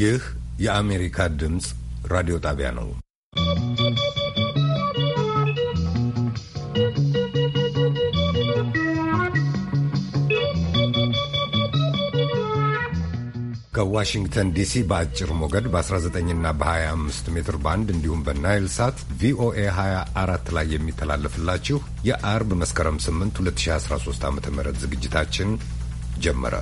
ይህ የአሜሪካ ድምፅ ራዲዮ ጣቢያ ነው። ከዋሽንግተን ዲሲ በአጭር ሞገድ በ19ና በ25 ሜትር ባንድ እንዲሁም በናይል ሳት ቪኦኤ 24 ላይ የሚተላለፍላችሁ የአርብ መስከረም 8 2013 ዓ ም ዝግጅታችን ጀመረ።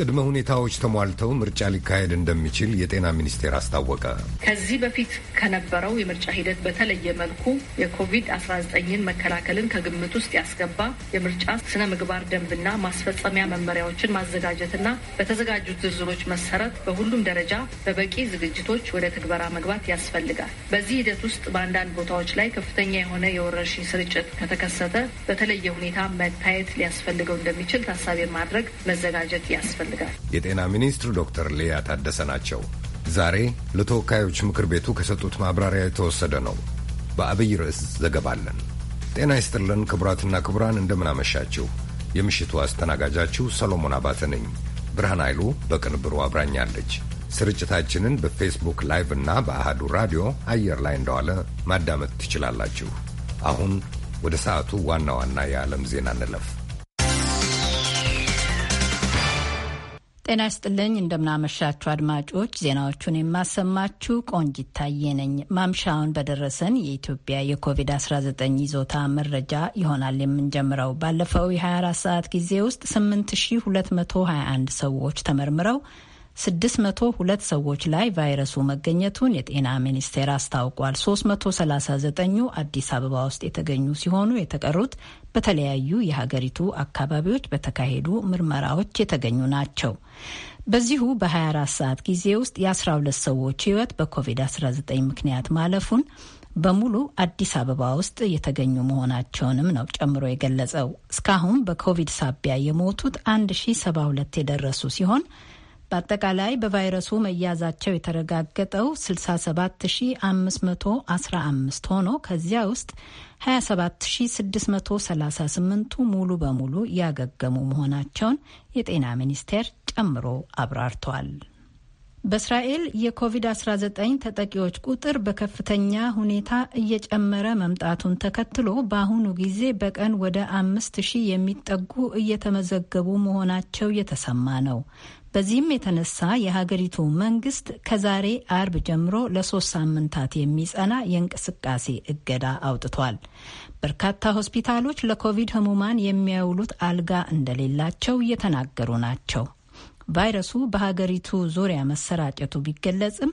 ቅድመ ሁኔታዎች ተሟልተው ምርጫ ሊካሄድ እንደሚችል የጤና ሚኒስቴር አስታወቀ። ከዚህ በፊት ከነበረው የምርጫ ሂደት በተለየ መልኩ የኮቪድ-19ን መከላከልን ከግምት ውስጥ ያስገባ የምርጫ ስነ ምግባር ደንብና ማስፈጸሚያ መመሪያዎችን ማዘጋጀትና በተዘጋጁት ዝርዝሮች መሰረት በሁሉም ደረጃ በበቂ ዝግጅቶች ወደ ትግበራ መግባት ያስፈልጋል። በዚህ ሂደት ውስጥ በአንዳንድ ቦታዎች ላይ ከፍተኛ የሆነ የወረርሽኝ ስርጭት ከተከሰተ በተለየ ሁኔታ መታየት ሊያስፈልገው እንደሚችል ታሳቢ ማድረግ መዘጋጀት ያስፈልጋል። ያስፈልጋል። የጤና ሚኒስትር ዶክተር ሊያ ታደሰ ናቸው። ዛሬ ለተወካዮች ምክር ቤቱ ከሰጡት ማብራሪያ የተወሰደ ነው። በአብይ ርዕስ ዘገባለን። ጤና ይስጥልን ክቡራትና ክቡራን፣ እንደምናመሻችሁ። የምሽቱ አስተናጋጃችሁ ሰሎሞን አባተ ነኝ። ብርሃን ኃይሉ በቅንብሩ አብራኛለች። ስርጭታችንን በፌስቡክ ላይቭ እና በአሃዱ ራዲዮ አየር ላይ እንደዋለ ማዳመጥ ትችላላችሁ። አሁን ወደ ሰዓቱ ዋና ዋና የዓለም ዜና እንለፍ። ጤና ይስጥልኝ እንደምናመሻችሁ አድማጮች፣ ዜናዎቹን የማሰማችሁ ቆንጂት ታዬ ነኝ። ማምሻውን በደረሰን የኢትዮጵያ የኮቪድ-19 ይዞታ መረጃ ይሆናል የምንጀምረው። ባለፈው የ24 ሰዓት ጊዜ ውስጥ 8221 ሰዎች ተመርምረው 602 ሰዎች ላይ ቫይረሱ መገኘቱን የጤና ሚኒስቴር አስታውቋል። 339ኙ አዲስ አበባ ውስጥ የተገኙ ሲሆኑ የተቀሩት በተለያዩ የሀገሪቱ አካባቢዎች በተካሄዱ ምርመራዎች የተገኙ ናቸው። በዚሁ በ24 ሰዓት ጊዜ ውስጥ የ12 ሰዎች ሕይወት በኮቪድ-19 ምክንያት ማለፉን በሙሉ አዲስ አበባ ውስጥ የተገኙ መሆናቸውንም ነው ጨምሮ የገለጸው። እስካሁን በኮቪድ ሳቢያ የሞቱት 1072 የደረሱ ሲሆን በአጠቃላይ በቫይረሱ መያዛቸው የተረጋገጠው 67515 ሆኖ ከዚያ ውስጥ 27638ቱ ሙሉ በሙሉ ያገገሙ መሆናቸውን የጤና ሚኒስቴር ጨምሮ አብራርቷል። በእስራኤል የኮቪድ-19 ተጠቂዎች ቁጥር በከፍተኛ ሁኔታ እየጨመረ መምጣቱን ተከትሎ በአሁኑ ጊዜ በቀን ወደ አምስት ሺህ የሚጠጉ እየተመዘገቡ መሆናቸው የተሰማ ነው። በዚህም የተነሳ የሀገሪቱ መንግስት ከዛሬ አርብ ጀምሮ ለሶስት ሳምንታት የሚጸና የእንቅስቃሴ እገዳ አውጥቷል። በርካታ ሆስፒታሎች ለኮቪድ ህሙማን የሚያውሉት አልጋ እንደሌላቸው እየተናገሩ ናቸው። ቫይረሱ በሀገሪቱ ዙሪያ መሰራጨቱ ቢገለጽም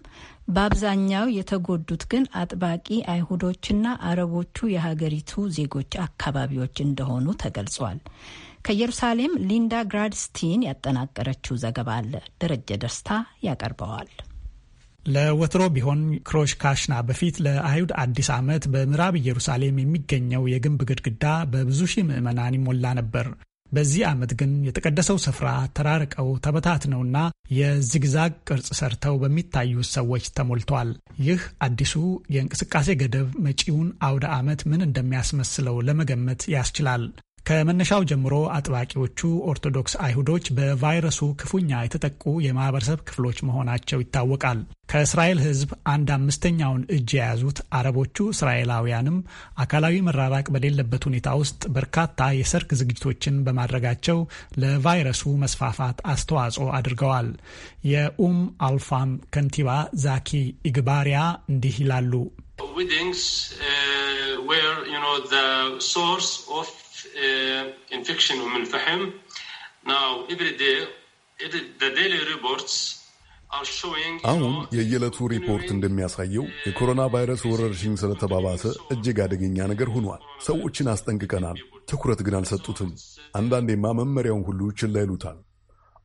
በአብዛኛው የተጎዱት ግን አጥባቂ አይሁዶችና አረቦቹ የሀገሪቱ ዜጎች አካባቢዎች እንደሆኑ ተገልጿል። ከኢየሩሳሌም ሊንዳ ግራድስቲን ያጠናቀረችው ዘገባ አለ። ደረጀ ደስታ ያቀርበዋል። ለወትሮ ቢሆን ክሮሽ ካሽና በፊት ለአይሁድ አዲስ ዓመት በምዕራብ ኢየሩሳሌም የሚገኘው የግንብ ግድግዳ በብዙ ሺህ ምዕመናን ይሞላ ነበር። በዚህ ዓመት ግን የተቀደሰው ስፍራ ተራርቀው ተበታትነውና የዚግዛግ ቅርጽ ሰርተው በሚታዩ ሰዎች ተሞልቷል። ይህ አዲሱ የእንቅስቃሴ ገደብ መጪውን አውደ ዓመት ምን እንደሚያስመስለው ለመገመት ያስችላል። ከመነሻው ጀምሮ አጥባቂዎቹ ኦርቶዶክስ አይሁዶች በቫይረሱ ክፉኛ የተጠቁ የማህበረሰብ ክፍሎች መሆናቸው ይታወቃል። ከእስራኤል ሕዝብ አንድ አምስተኛውን እጅ የያዙት አረቦቹ እስራኤላውያንም አካላዊ መራራቅ በሌለበት ሁኔታ ውስጥ በርካታ የሰርግ ዝግጅቶችን በማድረጋቸው ለቫይረሱ መስፋፋት አስተዋጽኦ አድርገዋል። የኡም አልፋም ከንቲባ ዛኪ ኢግባሪያ እንዲህ ይላሉ። uh, infection of al Now, every day, the daily reports አሁን የየዕለቱ ሪፖርት እንደሚያሳየው የኮሮና ቫይረስ ወረርሽኝ ስለተባባሰ እጅግ አደገኛ ነገር ሆኗል። ሰዎችን አስጠንቅቀናል፣ ትኩረት ግን አልሰጡትም። አንዳንዴማ መመሪያውን ሁሉ ችላ ይሉታል።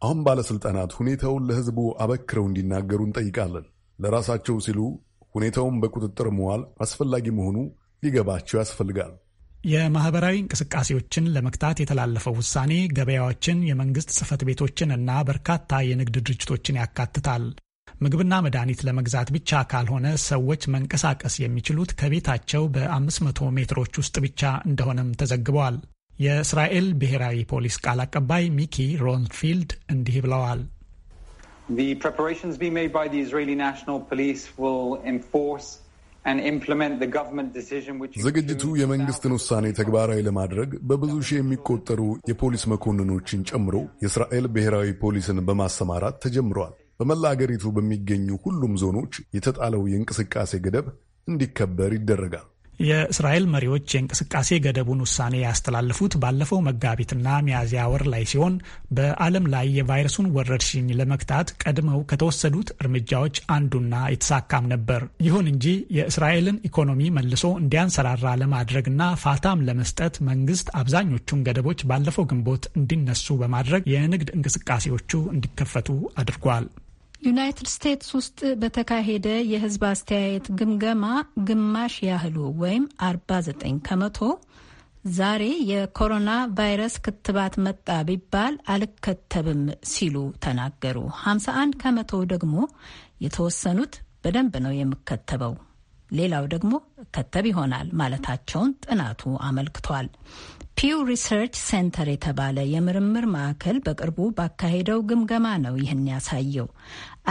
አሁን ባለሥልጣናት ሁኔታውን ለሕዝቡ አበክረው እንዲናገሩ እንጠይቃለን። ለራሳቸው ሲሉ ሁኔታውን በቁጥጥር መዋል አስፈላጊ መሆኑ ሊገባቸው ያስፈልጋል። የማህበራዊ እንቅስቃሴዎችን ለመግታት የተላለፈው ውሳኔ ገበያዎችን፣ የመንግስት ጽህፈት ቤቶችን እና በርካታ የንግድ ድርጅቶችን ያካትታል። ምግብና መድኃኒት ለመግዛት ብቻ ካልሆነ ሰዎች መንቀሳቀስ የሚችሉት ከቤታቸው በ500 ሜትሮች ውስጥ ብቻ እንደሆነም ተዘግበዋል። የእስራኤል ብሔራዊ ፖሊስ ቃል አቀባይ ሚኪ ሮንፊልድ እንዲህ ብለዋል። The preparations being made by the Israeli National Police will enforce ዝግጅቱ የመንግስትን ውሳኔ ተግባራዊ ለማድረግ በብዙ ሺህ የሚቆጠሩ የፖሊስ መኮንኖችን ጨምሮ የእስራኤል ብሔራዊ ፖሊስን በማሰማራት ተጀምሯል። በመላ አገሪቱ በሚገኙ ሁሉም ዞኖች የተጣለው የእንቅስቃሴ ገደብ እንዲከበር ይደረጋል። የእስራኤል መሪዎች የእንቅስቃሴ ገደቡን ውሳኔ ያስተላለፉት ባለፈው መጋቢትና ሚያዝያ ወር ላይ ሲሆን በዓለም ላይ የቫይረሱን ወረርሽኝ ለመግታት ቀድመው ከተወሰዱት እርምጃዎች አንዱና የተሳካም ነበር። ይሁን እንጂ የእስራኤልን ኢኮኖሚ መልሶ እንዲያንሰራራ ለማድረግና ፋታም ለመስጠት መንግስት አብዛኞቹን ገደቦች ባለፈው ግንቦት እንዲነሱ በማድረግ የንግድ እንቅስቃሴዎቹ እንዲከፈቱ አድርጓል። ዩናይትድ ስቴትስ ውስጥ በተካሄደ የህዝብ አስተያየት ግምገማ ግማሽ ያህሉ ወይም 49 ከመቶ ዛሬ የኮሮና ቫይረስ ክትባት መጣ ቢባል አልከተብም ሲሉ ተናገሩ። 51 ከመቶ ደግሞ የተወሰኑት በደንብ ነው የምከተበው፣ ሌላው ደግሞ እከተብ ይሆናል ማለታቸውን ጥናቱ አመልክቷል። ፒው ሪሰርች ሴንተር የተባለ የምርምር ማዕከል በቅርቡ ባካሄደው ግምገማ ነው ይህን ያሳየው።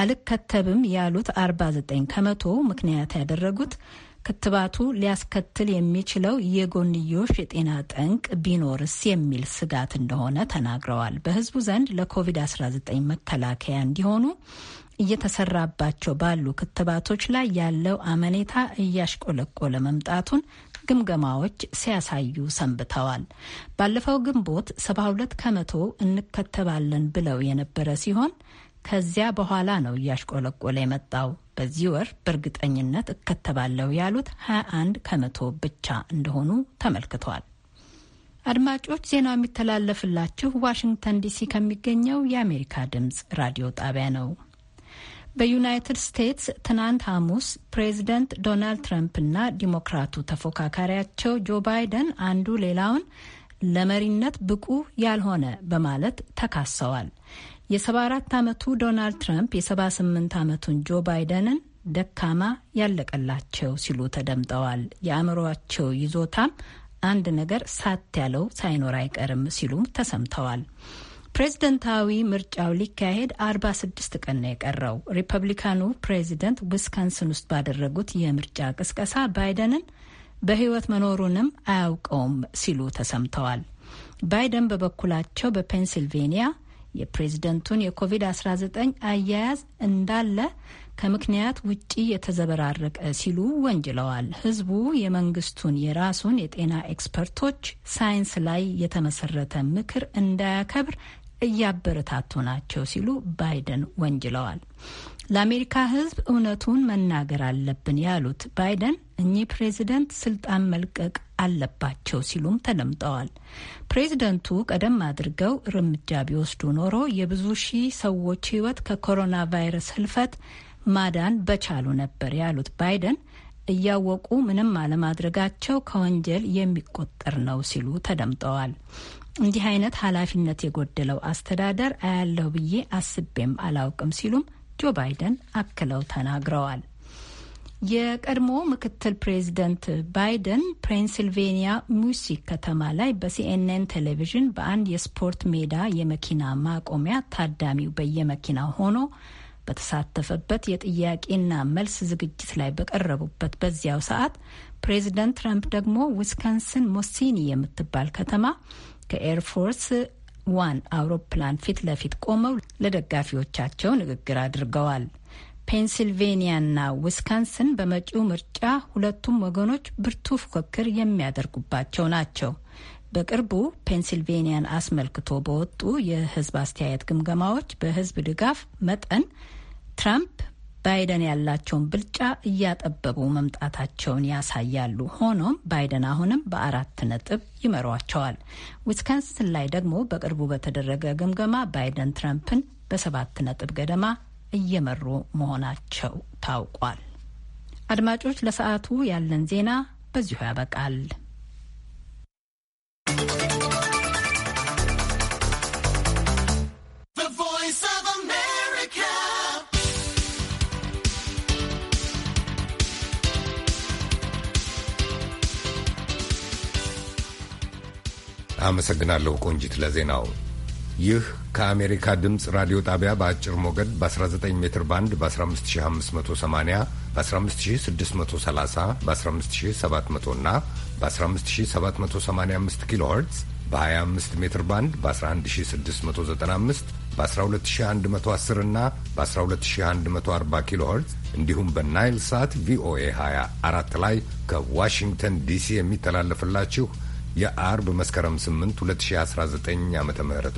አልከተብም ያሉት 49 ከመቶ ምክንያት ያደረጉት ክትባቱ ሊያስከትል የሚችለው የጎንዮሽ የጤና ጠንቅ ቢኖርስ የሚል ስጋት እንደሆነ ተናግረዋል። በህዝቡ ዘንድ ለኮቪድ-19 መከላከያ እንዲሆኑ እየተሰራባቸው ባሉ ክትባቶች ላይ ያለው አመኔታ እያሽቆለቆለ መምጣቱን ግምገማዎች ሲያሳዩ ሰንብተዋል። ባለፈው ግንቦት 72 ከመቶ እንከተባለን ብለው የነበረ ሲሆን ከዚያ በኋላ ነው እያሽቆለቆለ የመጣው። በዚህ ወር በእርግጠኝነት እከተባለሁ ያሉት 21 ከመቶ ብቻ እንደሆኑ ተመልክቷል። አድማጮች ዜናው የሚተላለፍላችሁ ዋሽንግተን ዲሲ ከሚገኘው የአሜሪካ ድምፅ ራዲዮ ጣቢያ ነው። በዩናይትድ ስቴትስ ትናንት ሐሙስ ፕሬዚደንት ዶናልድ እና ዲሞክራቱ ተፎካካሪያቸው ጆ ባይደን አንዱ ሌላውን ለመሪነት ብቁ ያልሆነ በማለት ተካሰዋል። የ74 ዓመቱ ዶናልድ ትራምፕ የ78 ዓመቱን ጆ ባይደንን ደካማ ያለቀላቸው ሲሉ ተደምጠዋል። የአእምሯቸው ይዞታም አንድ ነገር ሳት ያለው ሳይኖር አይቀርም ሲሉም ተሰምተዋል። ፕሬዝደንታዊ ምርጫው ሊካሄድ 46 ቀን ነው የቀረው። ሪፐብሊካኑ ፕሬዚደንት ዊስካንስን ውስጥ ባደረጉት የምርጫ ቅስቀሳ ባይደንን በህይወት መኖሩንም አያውቀውም ሲሉ ተሰምተዋል። ባይደን በበኩላቸው በፔንሲልቬኒያ የፕሬዝደንቱን የኮቪድ-19 አያያዝ እንዳለ ከምክንያት ውጪ የተዘበራረቀ ሲሉ ወንጅለዋል። ህዝቡ የመንግስቱን የራሱን የጤና ኤክስፐርቶች ሳይንስ ላይ የተመሰረተ ምክር እንዳያከብር እያበረታቱ ናቸው ሲሉ ባይደን ወንጅለዋል። ለአሜሪካ ሕዝብ እውነቱን መናገር አለብን ያሉት ባይደን እኚህ ፕሬዚደንት ስልጣን መልቀቅ አለባቸው ሲሉም ተደምጠዋል። ፕሬዚደንቱ ቀደም አድርገው እርምጃ ቢወስዱ ኖሮ የብዙ ሺህ ሰዎች ሕይወት ከኮሮና ቫይረስ ህልፈት ማዳን በቻሉ ነበር ያሉት ባይደን እያወቁ ምንም አለማድረጋቸው ከወንጀል የሚቆጠር ነው ሲሉ ተደምጠዋል። እንዲህ አይነት ኃላፊነት የጎደለው አስተዳደር አያለሁ ብዬ አስቤም አላውቅም ሲሉም ጆ ባይደን አክለው ተናግረዋል። የቀድሞ ምክትል ፕሬዚደንት ባይደን ፔንሲልቬኒያ ሙሲክ ከተማ ላይ በሲኤንኤን ቴሌቪዥን በአንድ የስፖርት ሜዳ የመኪና ማቆሚያ ታዳሚው በየመኪና ሆኖ በተሳተፈበት የጥያቄና መልስ ዝግጅት ላይ በቀረቡበት በዚያው ሰዓት ፕሬዚደንት ትራምፕ ደግሞ ዊስካንስን ሞሲኒ የምትባል ከተማ ከኤርፎርስ ዋን አውሮፕላን ፊት ለፊት ቆመው ለደጋፊዎቻቸው ንግግር አድርገዋል። ፔንሲልቬኒያና ዊስካንስን በመጪው ምርጫ ሁለቱም ወገኖች ብርቱ ፉክክር የሚያደርጉባቸው ናቸው። በቅርቡ ፔንሲልቬኒያን አስመልክቶ በወጡ የሕዝብ አስተያየት ግምገማዎች በሕዝብ ድጋፍ መጠን ትራምፕ ባይደን ያላቸውን ብልጫ እያጠበቡ መምጣታቸውን ያሳያሉ። ሆኖም ባይደን አሁንም በአራት ነጥብ ይመሯቸዋል። ዊስካንስን ላይ ደግሞ በቅርቡ በተደረገ ግምገማ ባይደን ትራምፕን በሰባት ነጥብ ገደማ እየመሩ መሆናቸው ታውቋል። አድማጮች፣ ለሰዓቱ ያለን ዜና በዚሁ ያበቃል። አመሰግናለሁ ቆንጂት ለዜናው። ይህ ከአሜሪካ ድምፅ ራዲዮ ጣቢያ በአጭር ሞገድ በ19 ሜትር ባንድ በ15580 በ15630 በ15700 እና በ15785 ኪሎ ኸርትዝ በ25 ሜትር ባንድ በ11695 በ12110 እና በ12140 ኪሎ ኸርትዝ እንዲሁም በናይል ሳት ቪኦኤ 24 ላይ ከዋሽንግተን ዲሲ የሚተላለፍላችሁ የአርብ መስከረም 8 2019 ዓ ም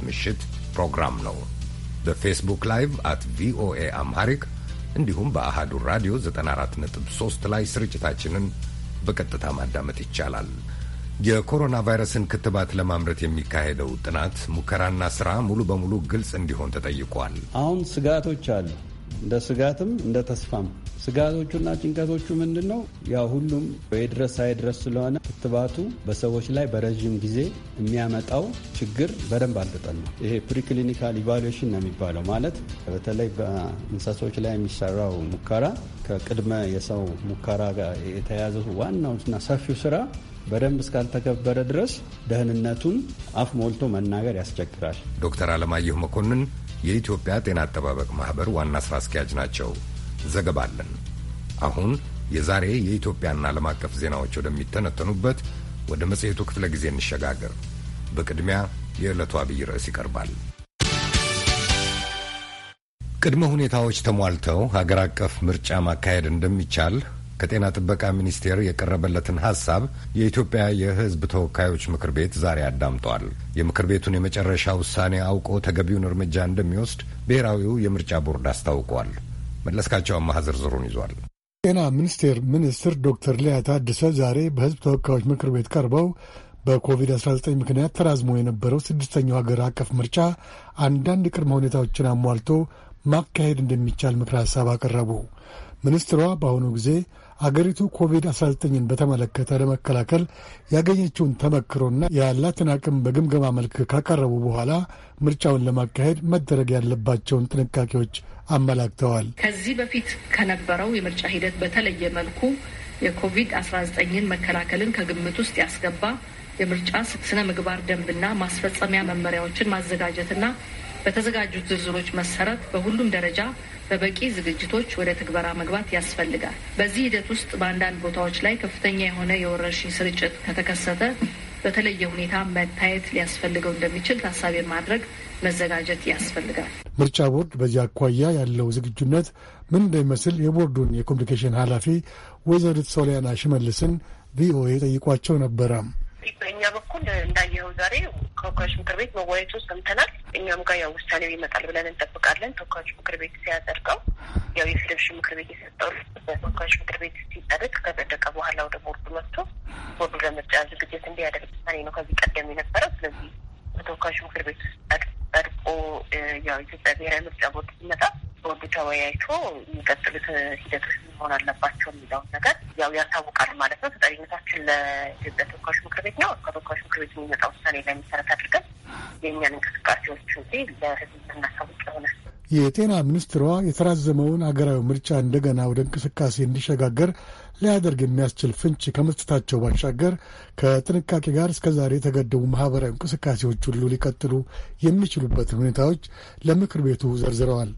ምሽት ፕሮግራም ነው። በፌስቡክ ላይቭ አት ቪኦኤ አምሃሪክ እንዲሁም በአሃዱ ራዲዮ 94.3 ላይ ስርጭታችንን በቀጥታ ማዳመጥ ይቻላል። የኮሮና ቫይረስን ክትባት ለማምረት የሚካሄደው ጥናት ሙከራና ስራ ሙሉ በሙሉ ግልጽ እንዲሆን ተጠይቋል። አሁን ስጋቶች አሉ። እንደ ስጋትም እንደ ተስፋም ስጋቶቹና ጭንቀቶቹ ምንድን ነው? ያ ሁሉም የድረስ አይድረስ ስለሆነ ክትባቱ በሰዎች ላይ በረዥም ጊዜ የሚያመጣው ችግር በደንብ አልጠጠን ነው። ይሄ ፕሪክሊኒካል ኢቫሉዌሽን ነው የሚባለው። ማለት በተለይ በእንስሳዎች ላይ የሚሰራው ሙከራ ከቅድመ የሰው ሙከራ ጋር የተያዘ ዋናውና ሰፊው ስራ በደንብ እስካልተከበረ ድረስ ደህንነቱን አፍ ሞልቶ መናገር ያስቸግራል። ዶክተር አለማየሁ መኮንን የኢትዮጵያ ጤና አጠባበቅ ማኅበር ዋና ሥራ አስኪያጅ ናቸው። ዘገባለን። አሁን የዛሬ የኢትዮጵያና ዓለም አቀፍ ዜናዎች ወደሚተነተኑበት ወደ መጽሔቱ ክፍለ ጊዜ እንሸጋገር። በቅድሚያ የዕለቱ አብይ ርዕስ ይቀርባል። ቅድመ ሁኔታዎች ተሟልተው ሀገር አቀፍ ምርጫ ማካሄድ እንደሚቻል ከጤና ጥበቃ ሚኒስቴር የቀረበለትን ሀሳብ የኢትዮጵያ የሕዝብ ተወካዮች ምክር ቤት ዛሬ አዳምጧል። የምክር ቤቱን የመጨረሻ ውሳኔ አውቆ ተገቢውን እርምጃ እንደሚወስድ ብሔራዊው የምርጫ ቦርድ አስታውቋል። መለስካቸው አማሃ ዝርዝሩን ይዟል። ጤና ሚኒስቴር ሚኒስትር ዶክተር ሊያ ታደሰ ዛሬ በሕዝብ ተወካዮች ምክር ቤት ቀርበው በኮቪድ-19 ምክንያት ተራዝሞ የነበረው ስድስተኛው ሀገር አቀፍ ምርጫ አንዳንድ ቅድመ ሁኔታዎችን አሟልቶ ማካሄድ እንደሚቻል ምክር ሀሳብ አቀረቡ። ሚኒስትሯ በአሁኑ ጊዜ አገሪቱ ኮቪድ-19ን በተመለከተ ለመከላከል ያገኘችውን ተመክሮና ያላትን አቅም በግምገማ መልክ ካቀረቡ በኋላ ምርጫውን ለማካሄድ መደረግ ያለባቸውን ጥንቃቄዎች አመላክተዋል። ከዚህ በፊት ከነበረው የምርጫ ሂደት በተለየ መልኩ የኮቪድ-19ን መከላከልን ከግምት ውስጥ ያስገባ የምርጫ ስነ ምግባር ደንብና ማስፈጸሚያ መመሪያዎችን ማዘጋጀትና በተዘጋጁት ዝርዝሮች መሰረት በሁሉም ደረጃ በበቂ ዝግጅቶች ወደ ትግበራ መግባት ያስፈልጋል። በዚህ ሂደት ውስጥ በአንዳንድ ቦታዎች ላይ ከፍተኛ የሆነ የወረርሽኝ ስርጭት ከተከሰተ በተለየ ሁኔታ መታየት ሊያስፈልገው እንደሚችል ታሳቢ ማድረግ መዘጋጀት ያስፈልጋል። ምርጫ ቦርድ በዚህ አኳያ ያለው ዝግጁነት ምን እንደሚመስል የቦርዱን የኮሚኒኬሽን ኃላፊ ወይዘሪት ሶሊያና ሽመልስን ቪኦኤ ጠይቋቸው ነበረ። እንግዲህ በእኛ በኩል እንዳየው ዛሬ ተወካዮች ምክር ቤት መወያየቱ ሰምተናል። እኛም ጋር ያው ውሳኔው ይመጣል ብለን እንጠብቃለን። ተወካዮች ምክር ቤት ሲያጸድቀው ያው የፌዴሬሽን ምክር ቤት የሰጠው በተወካዮች ምክር ቤት ሲጸድቅ ከጸደቀ በኋላ ወደ ቦርዱ መጥቶ ቦርዱ ለምርጫ ዝግጅት እንዲያደርግ ውሳኔ ነው ከዚህ ቀደም የነበረው። ስለዚህ በተወካዮች ምክር ቤት ውስጥ ጸድቆ ያው ኢትዮጵያ ብሔራዊ ምርጫ ቦርድ ሲመጣ ቦርዱ ተወያይቶ የሚቀጥሉት ሂደቶች መሆን አለባቸው የሚለውን ነገር ያው ያሳውቃል ማለት ነው። ተጠሪነታችን ለኢትዮጵያ ተወካዮች ምክር ቤት ነው። ከተወካዮች ምክር ቤት የሚመጣ ውሳኔ ላይ መሰረት አድርገን የእኛን እንቅስቃሴዎች እንጂ ለህዝብ እናሳውቅ ይሆናል። የጤና ሚኒስትሯ የተራዘመውን አገራዊ ምርጫ እንደገና ወደ እንቅስቃሴ እንዲሸጋገር ሊያደርግ የሚያስችል ፍንጭ ከመስጠታቸው ባሻገር ከጥንቃቄ ጋር እስከዛሬ የተገደቡ ማህበራዊ እንቅስቃሴዎች ሁሉ ሊቀጥሉ የሚችሉበትን ሁኔታዎች ለምክር ቤቱ ዘርዝረዋል።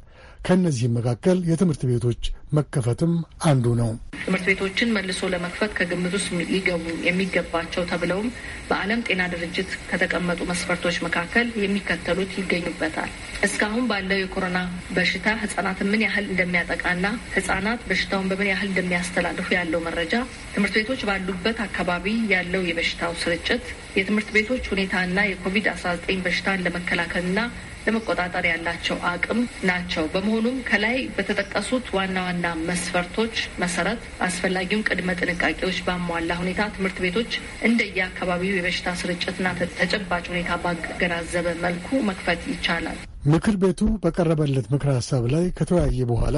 ከእነዚህም መካከል የትምህርት ቤቶች መከፈትም አንዱ ነው። ትምህርት ቤቶችን መልሶ ለመክፈት ከግምት ውስጥ ሊገቡ የሚገባቸው ተብለውም በዓለም ጤና ድርጅት ከተቀመጡ መስፈርቶች መካከል የሚከተሉት ይገኙበታል። እስካሁን ባለው የኮሮና በሽታ ህጻናትን ምን ያህል እንደሚያጠቃና ህጻናት በሽታውን በምን ያህል እንደሚያስተላልፉ ያለው መረጃ፣ ትምህርት ቤቶች ባሉበት አካባቢ ያለው የበሽታው ስርጭት፣ የትምህርት ቤቶች ሁኔታና የኮቪድ-19 በሽታን ለመከላከልና ለመቆጣጠር ያላቸው አቅም ናቸው። በመሆኑም ከላይ በተጠቀሱት ዋና ዋና መስፈርቶች መሰረት አስፈላጊውን ቅድመ ጥንቃቄዎች ባሟላ ሁኔታ ትምህርት ቤቶች እንደየአካባቢው የበሽታ ስርጭትና ተጨባጭ ሁኔታ ባገናዘበ መልኩ መክፈት ይቻላል። ምክር ቤቱ በቀረበለት ምክር ሀሳብ ላይ ከተወያየ በኋላ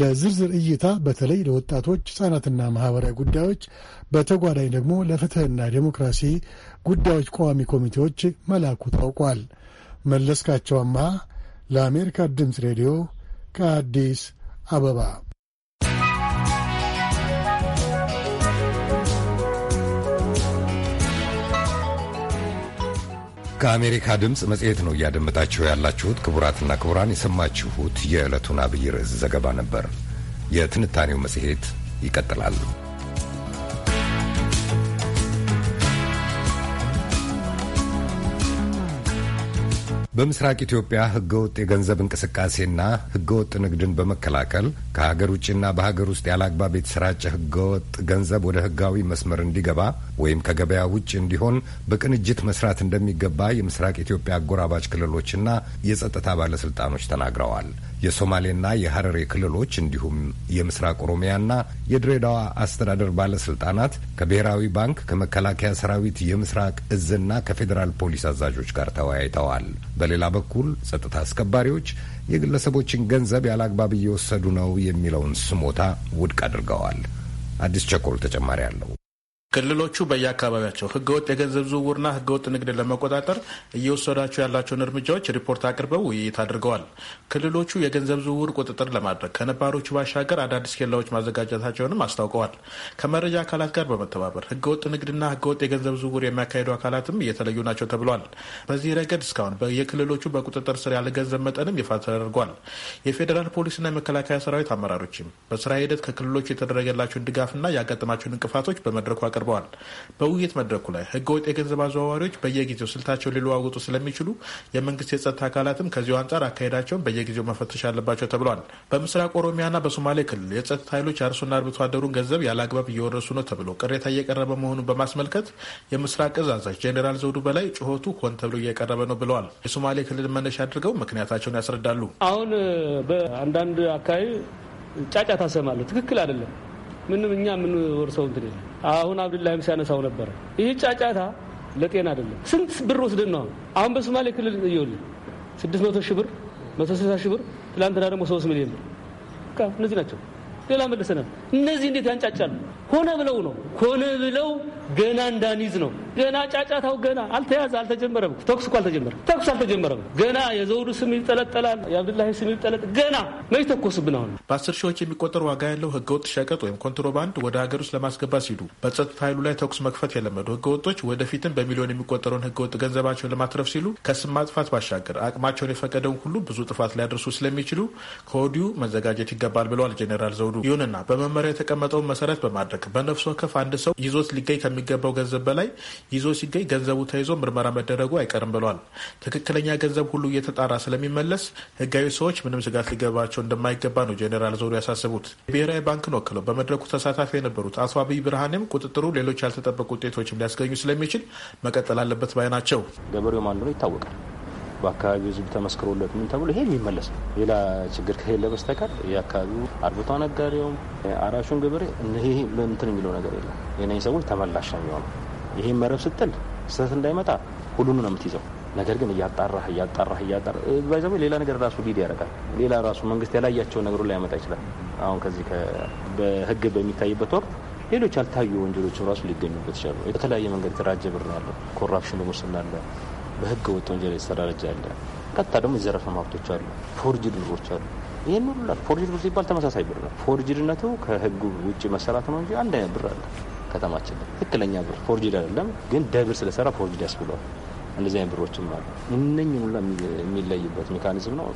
ለዝርዝር እይታ በተለይ ለወጣቶች ህጻናትና ማህበራዊ ጉዳዮች በተጓዳኝ ደግሞ ለፍትህና ዴሞክራሲ ጉዳዮች ቋሚ ኮሚቴዎች መላኩ ታውቋል። መለስካቸው ለአሜሪካ ድምፅ ሬዲዮ ከአዲስ አበባ ከአሜሪካ ድምፅ መጽሔት ነው እያደመጣችሁ ያላችሁት። ክቡራትና ክቡራን የሰማችሁት የዕለቱን አብይ ርዕስ ዘገባ ነበር። የትንታኔው መጽሔት ይቀጥላል። በምስራቅ ኢትዮጵያ ህገወጥ የገንዘብ እንቅስቃሴና ህገወጥ ንግድን በመከላከል ከሀገር ውጭና በሀገር ውስጥ ያለአግባብ የተሰራጨ ህገወጥ ገንዘብ ወደ ህጋዊ መስመር እንዲገባ ወይም ከገበያ ውጭ እንዲሆን በቅንጅት መስራት እንደሚገባ የምስራቅ ኢትዮጵያ አጎራባች ክልሎችና የጸጥታ ባለስልጣኖች ተናግረዋል። የሶማሌና የሀረሬ ክልሎች እንዲሁም የምስራቅ ኦሮሚያና የድሬዳዋ አስተዳደር ባለስልጣናት ከብሔራዊ ባንክ፣ ከመከላከያ ሰራዊት የምስራቅ እዝና ከፌዴራል ፖሊስ አዛዦች ጋር ተወያይተዋል። በሌላ በኩል ጸጥታ አስከባሪዎች የግለሰቦችን ገንዘብ ያለ አግባብ እየወሰዱ ነው የሚለውን ስሞታ ውድቅ አድርገዋል። አዲስ ቸኮል ተጨማሪ አለው። ክልሎቹ በየአካባቢያቸው ህገወጥ የገንዘብ ዝውውርና ህገወጥ ንግድን ለመቆጣጠር እየወሰዳቸው ያላቸውን እርምጃዎች ሪፖርት አቅርበው ውይይት አድርገዋል። ክልሎቹ የገንዘብ ዝውውር ቁጥጥር ለማድረግ ከነባሮቹ ባሻገር አዳዲስ ኬላዎች ማዘጋጀታቸውንም አስታውቀዋል። ከመረጃ አካላት ጋር በመተባበር ህገወጥ ንግድና ህገወጥ የገንዘብ ዝውውር የሚያካሄዱ አካላትም እየተለዩ ናቸው ተብሏል። በዚህ ረገድ እስካሁን የክልሎቹ በቁጥጥር ስር ያለ ገንዘብ መጠንም ይፋ ተደርጓል። የፌዴራል ፖሊስና የመከላከያ ሰራዊት አመራሮችም በስራ ሂደት ከክልሎቹ የተደረገላቸውን ድጋፍና ያጋጠማቸውን እንቅፋቶች በመድረኩ አቅርበዋል። አቅርበዋል። በውይይት መድረኩ ላይ ህገወጥ የገንዘብ አዘዋዋሪዎች በየጊዜው ስልታቸውን ሊለዋውጡ ስለሚችሉ የመንግስት የጸጥታ አካላትም ከዚሁ አንጻር አካሄዳቸውን በየጊዜው መፈተሽ አለባቸው ተብሏል። በምስራቅ ኦሮሚያና በሶማሌ ክልል የጸጥታ ኃይሎች አርሶና አርብቶ አደሩን ገንዘብ ያለ አግባብ እየወረሱ ነው ተብሎ ቅሬታ እየቀረበ መሆኑን በማስመልከት የምስራቅ እዝ አዛዥ ጄኔራል ዘውዱ በላይ ጩኸቱ ሆን ተብሎ እየቀረበ ነው ብለዋል። የሶማሌ ክልል መነሻ አድርገው ምክንያታቸውን ያስረዳሉ። አሁን በአንዳንድ አካባቢ ጫጫታ ሰማለሁ። ትክክል አይደለም። ምንም እኛ የምንወርሰው እንትን የለም አሁን አብዱላይም ሲያነሳው ነበረ። ይህ ጫጫታ ለጤና አይደለም። ስንት ብር ወስደን ነው አሁን በሶማሌ ክልል እየውል ስድስት መቶ ሺህ ብር መቶ ስልሳ ሺህ ብር ትላንትና ደግሞ ሶስት ሚሊዮን ብር እነዚህ ናቸው። ሌላ መለሰናል። እነዚህ እንዴት ያንጫጫሉ? ሆነ ብለው ነው ሆነ ብለው ገና እንዳንይዝ ነው። ገና ጫጫታው ገና አልተያዘ አልተጀመረም። ተኩስ እኮ አልተጀመረም። ተኩስ አልተጀመረም። ገና የዘውዱ ስም ይጠለጠላል፣ የአብዱላሂ ስም ይጠለጥ ገና መች ተኮስብን። አሁን በአስር ሺዎች የሚቆጠር ዋጋ ያለው ህገወጥ ሸቀጥ ወይም ኮንትሮባንድ ወደ ሀገር ውስጥ ለማስገባት ሲሉ በጸጥታ ኃይሉ ላይ ተኩስ መክፈት የለመዱ ህገወጦች ወደፊትም በሚሊዮን የሚቆጠረውን ህገወጥ ገንዘባቸውን ለማትረፍ ሲሉ ከስም ማጥፋት ባሻገር አቅማቸውን የፈቀደውን ሁሉ ብዙ ጥፋት ሊያደርሱ ስለሚችሉ ከወዲሁ መዘጋጀት ይገባል ብለዋል ጄኔራል ዘውዱ። ይሁንና በመመሪያ የተቀመጠውን መሰረት በማድረግ በነፍስ ወከፍ አንድ ሰው ይዞት ሊገኝ ከሚ ከሚገባው ገንዘብ በላይ ይዞ ሲገኝ ገንዘቡ ተይዞ ምርመራ መደረጉ አይቀርም ብሏል። ትክክለኛ ገንዘብ ሁሉ እየተጣራ ስለሚመለስ ህጋዊ ሰዎች ምንም ስጋት ሊገባቸው እንደማይገባ ነው ጄኔራል ዞሩ ያሳስቡት። ብሔራዊ ባንክን ወክለው በመድረኩ ተሳታፊ የነበሩት አቶ አብይ ብርሃንም ቁጥጥሩ ሌሎች ያልተጠበቁ ውጤቶችም ሊያስገኙ ስለሚችል መቀጠል አለበት ባይ ናቸው። ገበሬው ማን ይታወቃል። በአካባቢው ህዝብ ተመስክሮለት ምን ተብሎ ይሄ የሚመለስ ነው። ሌላ ችግር ከሌለ በስተቀር የአካባቢው አርብቶ ነጋዴውም አራሹን ግብር ይሄ እንትን የሚለው ነገር የለም። የነ ሰዎች ተመላሽ ነው የሚሆነው። ይሄ መረብ ስትል ስህተት እንዳይመጣ ሁሉን ነው የምትይዘው። ነገር ግን እያጣራህ እያጣራህ እያጣራ ባይዘ ሌላ ነገር ራሱ ሊድ ያደርጋል። ሌላ ራሱ መንግስት ያላያቸውን ነገሩ ያመጣ ይችላል። አሁን ከዚህ በህግ በሚታይበት ወቅት ሌሎች ያልታዩ ወንጀሎችም ራሱ ሊገኙበት ይችላሉ። በተለያየ መንገድ የተራጀ ብር ነው ያለው። ኮራፕሽን ሙስና አለ በህገ ወጥ ወንጀል የተሰራረጀ አለ። ቀጥታ ደግሞ የዘረፈ ሀብቶች አሉ፣ ፎርጅ ብሮች አሉ። ይህን ሁላ ፎርጅ ብር ሲባል ተመሳሳይ ብር ነው። ፎርጅድነቱ ከህጉ ውጭ መሰራት ነው እንጂ አንድ ብር አለ ከተማችን ትክክለኛ ብር ፎርጅድ አይደለም፣ ግን ደብር ስለሰራ ፎርጅድ ያስብለዋል። እንደዚህ አይነት ብሮችም አሉ። እነኝህ ሁላ የሚለይበት ሜካኒዝም ነው።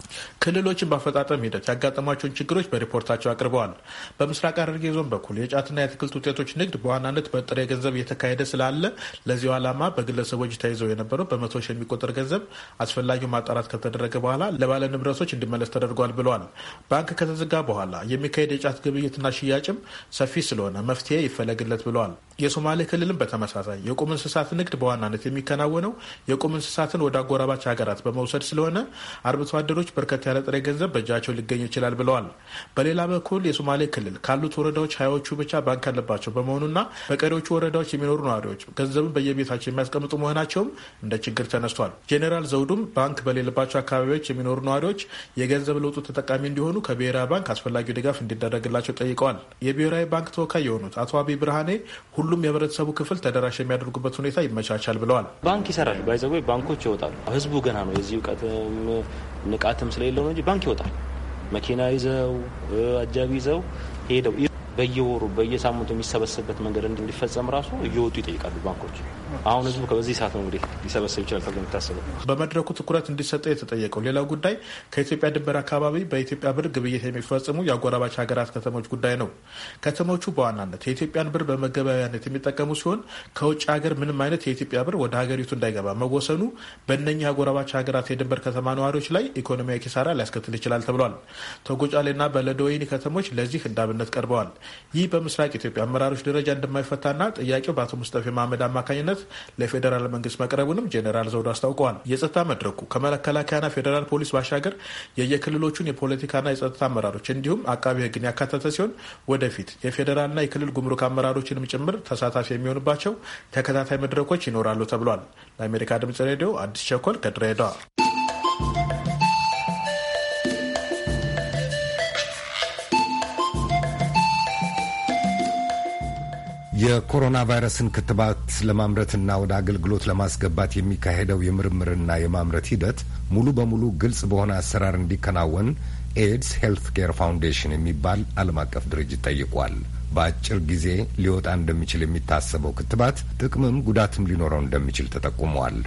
ክልሎችን በአፈጣጠም ሂደት ያጋጠሟቸውን ችግሮች በሪፖርታቸው አቅርበዋል። በምስራቅ ሐረርጌ ዞን በኩል የጫትና የአትክልት ውጤቶች ንግድ በዋናነት በጥሬ ገንዘብ እየተካሄደ ስላለ ለዚሁ ዓላማ በግለሰቦች ተይዘው የነበረው በመቶ ሺህ የሚቆጠር ገንዘብ አስፈላጊው ማጣራት ከተደረገ በኋላ ለባለ ንብረቶች እንዲመለስ ተደርጓል ብለዋል። ባንክ ከተዘጋ በኋላ የሚካሄድ የጫት ግብይትና ሽያጭም ሰፊ ስለሆነ መፍትሄ ይፈለግለት ብለዋል። የሶማሌ ክልልም በተመሳሳይ የቁም እንስሳት ንግድ በዋናነት የሚከናወነው የቁም እንስሳትን ወደ አጎራባች ሀገራት በመውሰድ ስለሆነ አርብቶ አደሮች በርከት ያለ ጥሬ ገንዘብ በእጃቸው ሊገኝ ይችላል ብለዋል። በሌላ በኩል የሶማሌ ክልል ካሉት ወረዳዎች ሀያዎቹ ብቻ ባንክ ያለባቸው በመሆኑና በቀሪዎቹ ወረዳዎች የሚኖሩ ነዋሪዎች ገንዘብን በየቤታቸው የሚያስቀምጡ መሆናቸውም እንደ ችግር ተነስቷል። ጄኔራል ዘውዱም ባንክ በሌለባቸው አካባቢዎች የሚኖሩ ነዋሪዎች የገንዘብ ለውጡ ተጠቃሚ እንዲሆኑ ከብሔራዊ ባንክ አስፈላጊው ድጋፍ እንዲደረግላቸው ጠይቀዋል። የብሔራዊ ባንክ ተወካይ የሆኑት አቶ አቢ ብርሃኔ ሁሉም የህብረተሰቡ ክፍል ተደራሽ የሚያደርጉበት ሁኔታ ይመቻቻል ብለዋል። ባንክ ይሰራል ባይዘጎይ ባንኮች ይወጣሉ። ህዝቡ ገና ነው የዚህ እውቀትም ንቃትም ስለሌለው ነው እንጂ ባንክ ይወጣል። መኪና ይዘው አጃቢ ይዘው ሄደው በየወሩ በየሳምንቱ የሚሰበሰብበት መንገድ እንዲፈጸም ራሱ እየወጡ ይጠይቃሉ ባንኮች። አሁን ህዝቡ በዚህ ሰዓት ነው እንግዲህ ሊሰበሰብ ይችላል ተብሎ የሚታሰበው። በመድረኩ ትኩረት እንዲሰጠው የተጠየቀው ሌላው ጉዳይ ከኢትዮጵያ ድንበር አካባቢ በኢትዮጵያ ብር ግብይት የሚፈጽሙ የአጎራባች ሀገራት ከተሞች ጉዳይ ነው። ከተሞቹ በዋናነት የኢትዮጵያን ብር በመገበያያነት የሚጠቀሙ ሲሆን ከውጭ ሀገር ምንም አይነት የኢትዮጵያ ብር ወደ ሀገሪቱ እንዳይገባ መወሰኑ በእነኚህ አጎራባች ሀገራት የድንበር ከተማ ነዋሪዎች ላይ ኢኮኖሚያዊ ኪሳራ ሊያስከትል ይችላል ተብሏል። ተጎጫሌና በለደወይኒ ከተሞች ለዚህ እንዳብነት ቀርበዋል። ይህ በምስራቅ ኢትዮጵያ አመራሮች ደረጃ እንደማይፈታና ጥያቄው በአቶ ሙስጠፌ መሀመድ አማካኝነት ለማስመልከት ለፌዴራል መንግስት መቅረቡንም ጄኔራል ዘውዱ አስታውቀዋል። የጸጥታ መድረኩ ከመከላከያና ፌዴራል ፖሊስ ባሻገር የየክልሎቹን የፖለቲካና የጸጥታ አመራሮች እንዲሁም አቃቢ ህግን ያካተተ ሲሆን ወደፊት የፌዴራልና የክልል ጉምሩክ አመራሮችንም ጭምር ተሳታፊ የሚሆንባቸው ተከታታይ መድረኮች ይኖራሉ ተብሏል። ለአሜሪካ ድምጽ ሬዲዮ አዲስ ቸኮል ከድሬዳዋ የኮሮና ቫይረስን ክትባት ለማምረትና ወደ አገልግሎት ለማስገባት የሚካሄደው የምርምርና የማምረት ሂደት ሙሉ በሙሉ ግልጽ በሆነ አሰራር እንዲከናወን ኤድስ ሄልት ኬር ፋውንዴሽን የሚባል ዓለም አቀፍ ድርጅት ጠይቋል። በአጭር ጊዜ ሊወጣ እንደሚችል የሚታሰበው ክትባት ጥቅምም ጉዳትም ሊኖረው እንደሚችል ተጠቁመዋል።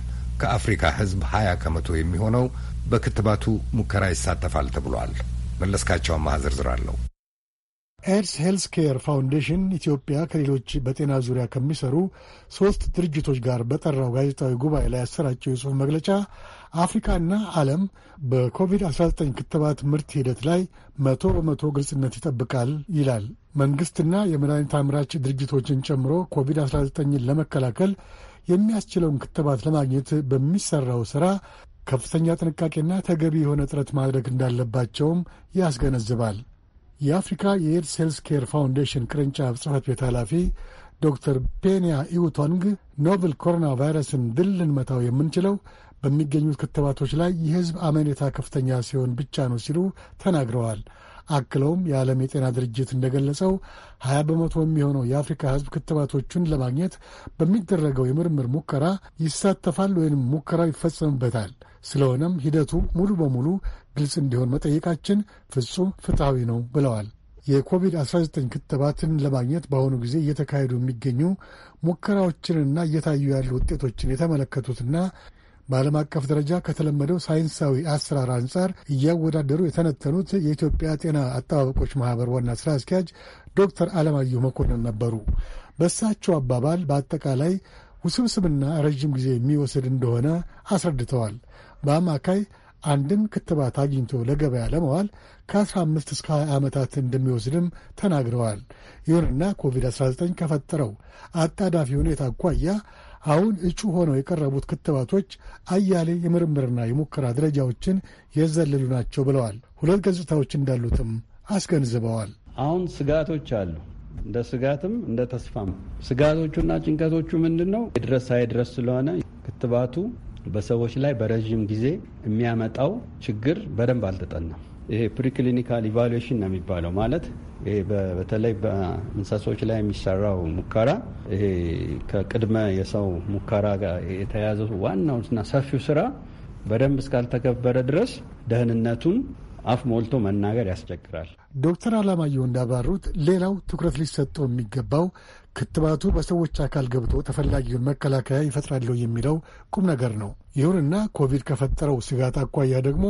ከአፍሪካ ሕዝብ ሀያ ከመቶ የሚሆነው በክትባቱ ሙከራ ይሳተፋል ተብሏል። መለስካቸው አማረ ዝርዝር አለው። ኤድስ ሄልስ ኬር ፋውንዴሽን ኢትዮጵያ ከሌሎች በጤና ዙሪያ ከሚሰሩ ሶስት ድርጅቶች ጋር በጠራው ጋዜጣዊ ጉባኤ ላይ ያሰራጨው የጽሑፍ መግለጫ አፍሪካና ዓለም በኮቪድ-19 ክትባት ምርት ሂደት ላይ መቶ በመቶ ግልጽነት ይጠብቃል ይላል። መንግሥትና የመድኃኒት አምራች ድርጅቶችን ጨምሮ ኮቪድ-19ን ለመከላከል የሚያስችለውን ክትባት ለማግኘት በሚሠራው ሥራ ከፍተኛ ጥንቃቄና ተገቢ የሆነ ጥረት ማድረግ እንዳለባቸውም ያስገነዝባል። የአፍሪካ የኤድስ ሄልስ ኬር ፋውንዴሽን ቅርንጫፍ ጽሕፈት ቤት ኃላፊ ዶክተር ፔንያ ኢውቶንግ ኖቭል ኮሮና ቫይረስን ድል ልንመታው የምንችለው በሚገኙት ክትባቶች ላይ የህዝብ አመኔታ ከፍተኛ ሲሆን ብቻ ነው ሲሉ ተናግረዋል። አክለውም የዓለም የጤና ድርጅት እንደገለጸው ሀያ በመቶ የሚሆነው የአፍሪካ ህዝብ ክትባቶቹን ለማግኘት በሚደረገው የምርምር ሙከራ ይሳተፋል ወይም ሙከራው ይፈጸምበታል። ስለሆነም ሂደቱ ሙሉ በሙሉ ግልጽ እንዲሆን መጠየቃችን ፍጹም ፍትሐዊ ነው ብለዋል። የኮቪድ-19 ክትባትን ለማግኘት በአሁኑ ጊዜ እየተካሄዱ የሚገኙ ሙከራዎችንና እየታዩ ያሉ ውጤቶችን የተመለከቱትና በዓለም አቀፍ ደረጃ ከተለመደው ሳይንሳዊ አሰራር አንጻር እያወዳደሩ የተነተኑት የኢትዮጵያ ጤና አጠባበቆች ማኅበር ዋና ሥራ አስኪያጅ ዶክተር አለማየሁ መኮንን ነበሩ። በእሳቸው አባባል በአጠቃላይ ውስብስብና ረዥም ጊዜ የሚወስድ እንደሆነ አስረድተዋል። በአማካይ አንድን ክትባት አግኝቶ ለገበያ ለመዋል ከ15 እስከ 20 ዓመታት እንደሚወስድም ተናግረዋል። ይሁንና ኮቪድ-19 ከፈጠረው አጣዳፊ ሁኔታ አኳያ አሁን እጩ ሆነው የቀረቡት ክትባቶች አያሌ የምርምርና የሙከራ ደረጃዎችን የዘለሉ ናቸው ብለዋል። ሁለት ገጽታዎች እንዳሉትም አስገንዝበዋል። አሁን ስጋቶች አሉ። እንደ ስጋትም እንደ ተስፋም ስጋቶቹና ጭንቀቶቹ ምንድን ነው? የድረስ አይድረስ ስለሆነ ክትባቱ በሰዎች ላይ በረዥም ጊዜ የሚያመጣው ችግር በደንብ አልተጠናም። ይሄ ፕሪክሊኒካል ኢቫሉዌሽን ነው የሚባለው። ማለት ይሄ በተለይ በእንስሶች ላይ የሚሰራው ሙከራ ይሄ ከቅድመ የሰው ሙከራ ጋር የተያዘ ዋናውና ሰፊው ስራ በደንብ እስካልተከበረ ድረስ ደህንነቱን አፍ ሞልቶ መናገር ያስቸግራል። ዶክተር አላማየሁ እንዳብራሩት ሌላው ትኩረት ሊሰጠው የሚገባው ክትባቱ በሰዎች አካል ገብቶ ተፈላጊውን መከላከያ ይፈጥራለሁ የሚለው ቁም ነገር ነው። ይሁንና ኮቪድ ከፈጠረው ስጋት አኳያ ደግሞ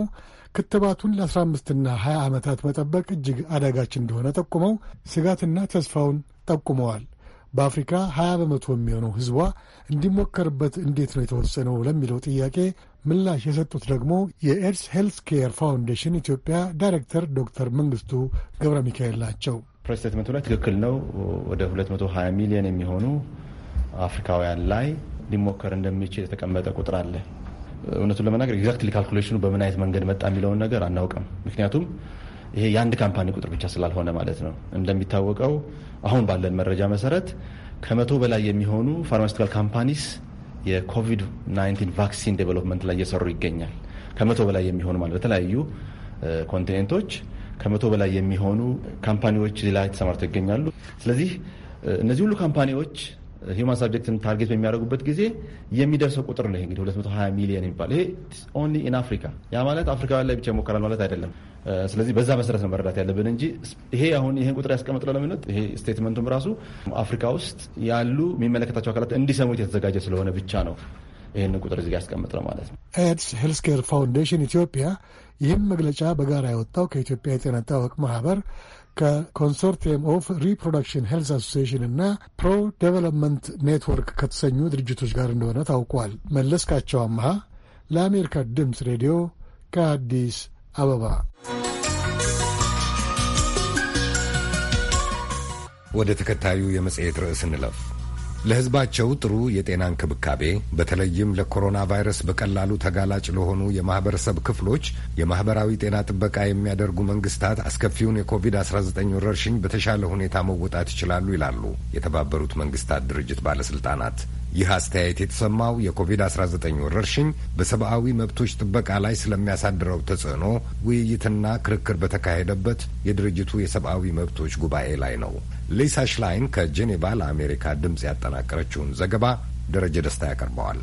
ክትባቱን ለ15ና 20 ዓመታት መጠበቅ እጅግ አዳጋች እንደሆነ ጠቁመው ስጋትና ተስፋውን ጠቁመዋል። በአፍሪካ 20 በመቶ የሚሆነው ሕዝቧ እንዲሞከርበት እንዴት ነው የተወሰነው ለሚለው ጥያቄ ምላሽ የሰጡት ደግሞ የኤድስ ሄልስ ኬር ፋውንዴሽን ኢትዮጵያ ዳይሬክተር ዶክተር መንግስቱ ገብረ ሚካኤል ናቸው። ፕሬስ ስቴትመንቱ ላይ ትክክል ነው። ወደ 220 ሚሊዮን የሚሆኑ አፍሪካውያን ላይ ሊሞከር እንደሚችል የተቀመጠ ቁጥር አለ። እውነቱን ለመናገር ኤግዛክትሊ ካልኩሌሽኑ በምን አይነት መንገድ መጣ የሚለውን ነገር አናውቅም። ምክንያቱም ይሄ የአንድ ካምፓኒ ቁጥር ብቻ ስላልሆነ ማለት ነው። እንደሚታወቀው አሁን ባለን መረጃ መሰረት ከመቶ በላይ የሚሆኑ ፋርማሲቲካል ካምፓኒስ የኮቪድ-19 ቫክሲን ዴቨሎፕመንት ላይ እየሰሩ ይገኛል። ከመቶ በላይ የሚሆኑ ማለት በተለያዩ ኮንቲኔንቶች ከመቶ በላይ የሚሆኑ ካምፓኒዎች ሌላ ላይ ተሰማርተው ይገኛሉ። ስለዚህ እነዚህ ሁሉ ካምፓኒዎች ሂውማን ሳብጀክትን ታርጌት በሚያደርጉበት ጊዜ የሚደርሰው ቁጥር ነው። እንግዲህ 220 ሚሊዮን የሚባል ይሄ ኦንሊ ኢን አፍሪካ፣ ያ ማለት አፍሪካውያን ላይ ብቻ ይሞከራል ማለት አይደለም። ስለዚህ በዛ መሰረት ነው መረዳት ያለብን እንጂ ይሄ አሁን ይህን ቁጥር ያስቀመጥነው ለምነት ይሄ ስቴትመንቱም ራሱ አፍሪካ ውስጥ ያሉ የሚመለከታቸው አካላት እንዲሰሙት የተዘጋጀ ስለሆነ ብቻ ነው ይህን ቁጥር እዚህ ነው ማለት ነው። ኤድስ ሄልስኬር ፋውንዴሽን ኢትዮጵያ ይህም መግለጫ በጋራ የወጣው ከኢትዮጵያ የጤና አጠባበቅ ማህበር ከኮንሶርቲየም ኦፍ ሪፕሮዳክሽን ሄልስ አሶሲሽን እና ፕሮ ዴቨሎፕመንት ኔትወርክ ከተሰኙ ድርጅቶች ጋር እንደሆነ ታውቋል። መለስካቸው አምሃ ለአሜሪካ ድምፅ ሬዲዮ ከአዲስ አበባ። ወደ ተከታዩ የመጽሔት ርዕስ እንለፍ። ለሕዝባቸው ጥሩ የጤና እንክብካቤ በተለይም ለኮሮና ቫይረስ በቀላሉ ተጋላጭ ለሆኑ የማህበረሰብ ክፍሎች የማህበራዊ ጤና ጥበቃ የሚያደርጉ መንግስታት አስከፊውን የኮቪድ-19 ወረርሽኝ በተሻለ ሁኔታ መወጣት ይችላሉ ይላሉ የተባበሩት መንግስታት ድርጅት ባለስልጣናት። ይህ አስተያየት የተሰማው የኮቪድ-19 ወረርሽኝ በሰብአዊ መብቶች ጥበቃ ላይ ስለሚያሳድረው ተጽዕኖ ውይይትና ክርክር በተካሄደበት የድርጅቱ የሰብአዊ መብቶች ጉባኤ ላይ ነው። ሊሳ ሽላይን ከጄኔቫ ለአሜሪካ ድምፅ ያጠናቀረችውን ዘገባ ደረጀ ደስታ ያቀርበዋል።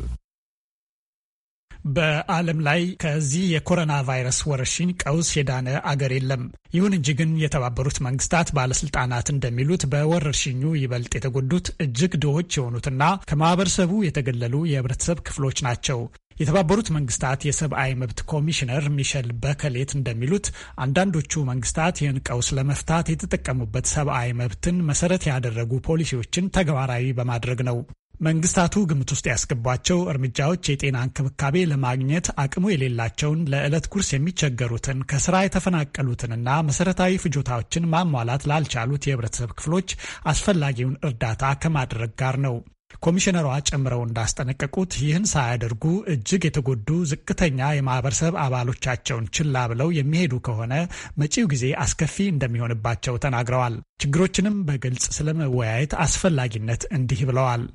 በዓለም ላይ ከዚህ የኮሮና ቫይረስ ወረርሽኝ ቀውስ የዳነ አገር የለም። ይሁን እንጂ ግን የተባበሩት መንግስታት ባለስልጣናት እንደሚሉት በወረርሽኙ ይበልጥ የተጎዱት እጅግ ድሆች የሆኑትና ከማህበረሰቡ የተገለሉ የህብረተሰብ ክፍሎች ናቸው። የተባበሩት መንግስታት የሰብአዊ መብት ኮሚሽነር ሚሸል በከሌት እንደሚሉት አንዳንዶቹ መንግስታት ይህን ቀውስ ለመፍታት የተጠቀሙበት ሰብአዊ መብትን መሰረት ያደረጉ ፖሊሲዎችን ተግባራዊ በማድረግ ነው። መንግስታቱ ግምት ውስጥ ያስገቧቸው እርምጃዎች የጤና እንክብካቤ ለማግኘት አቅሙ የሌላቸውን ለዕለት ጉርስ የሚቸገሩትን ከስራ የተፈናቀሉትንና መሰረታዊ ፍጆታዎችን ማሟላት ላልቻሉት የህብረተሰብ ክፍሎች አስፈላጊውን እርዳታ ከማድረግ ጋር ነው። ኮሚሽነሯ ጨምረው እንዳስጠነቀቁት ይህን ሳያደርጉ እጅግ የተጎዱ ዝቅተኛ የማህበረሰብ አባሎቻቸውን ችላ ብለው የሚሄዱ ከሆነ መጪው ጊዜ አስከፊ እንደሚሆንባቸው ተናግረዋል። ችግሮችንም በግልጽ ስለመወያየት አስፈላጊነት እንዲህ ብለዋል።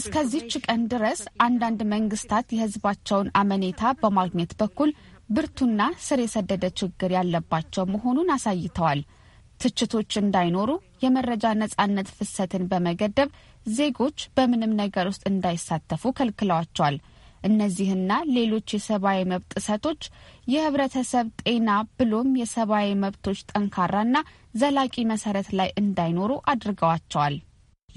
እስከዚች ቀን ድረስ አንዳንድ መንግስታት የህዝባቸውን አመኔታ በማግኘት በኩል ብርቱና ስር የሰደደ ችግር ያለባቸው መሆኑን አሳይተዋል። ትችቶች እንዳይኖሩ የመረጃ ነጻነት ፍሰትን በመገደብ ዜጎች በምንም ነገር ውስጥ እንዳይሳተፉ ከልክለዋቸዋል። እነዚህና ሌሎች የሰብአዊ መብት ጥሰቶች የህብረተሰብ ጤና ብሎም የሰብአዊ መብቶች ጠንካራና ዘላቂ መሰረት ላይ እንዳይኖሩ አድርገዋቸዋል።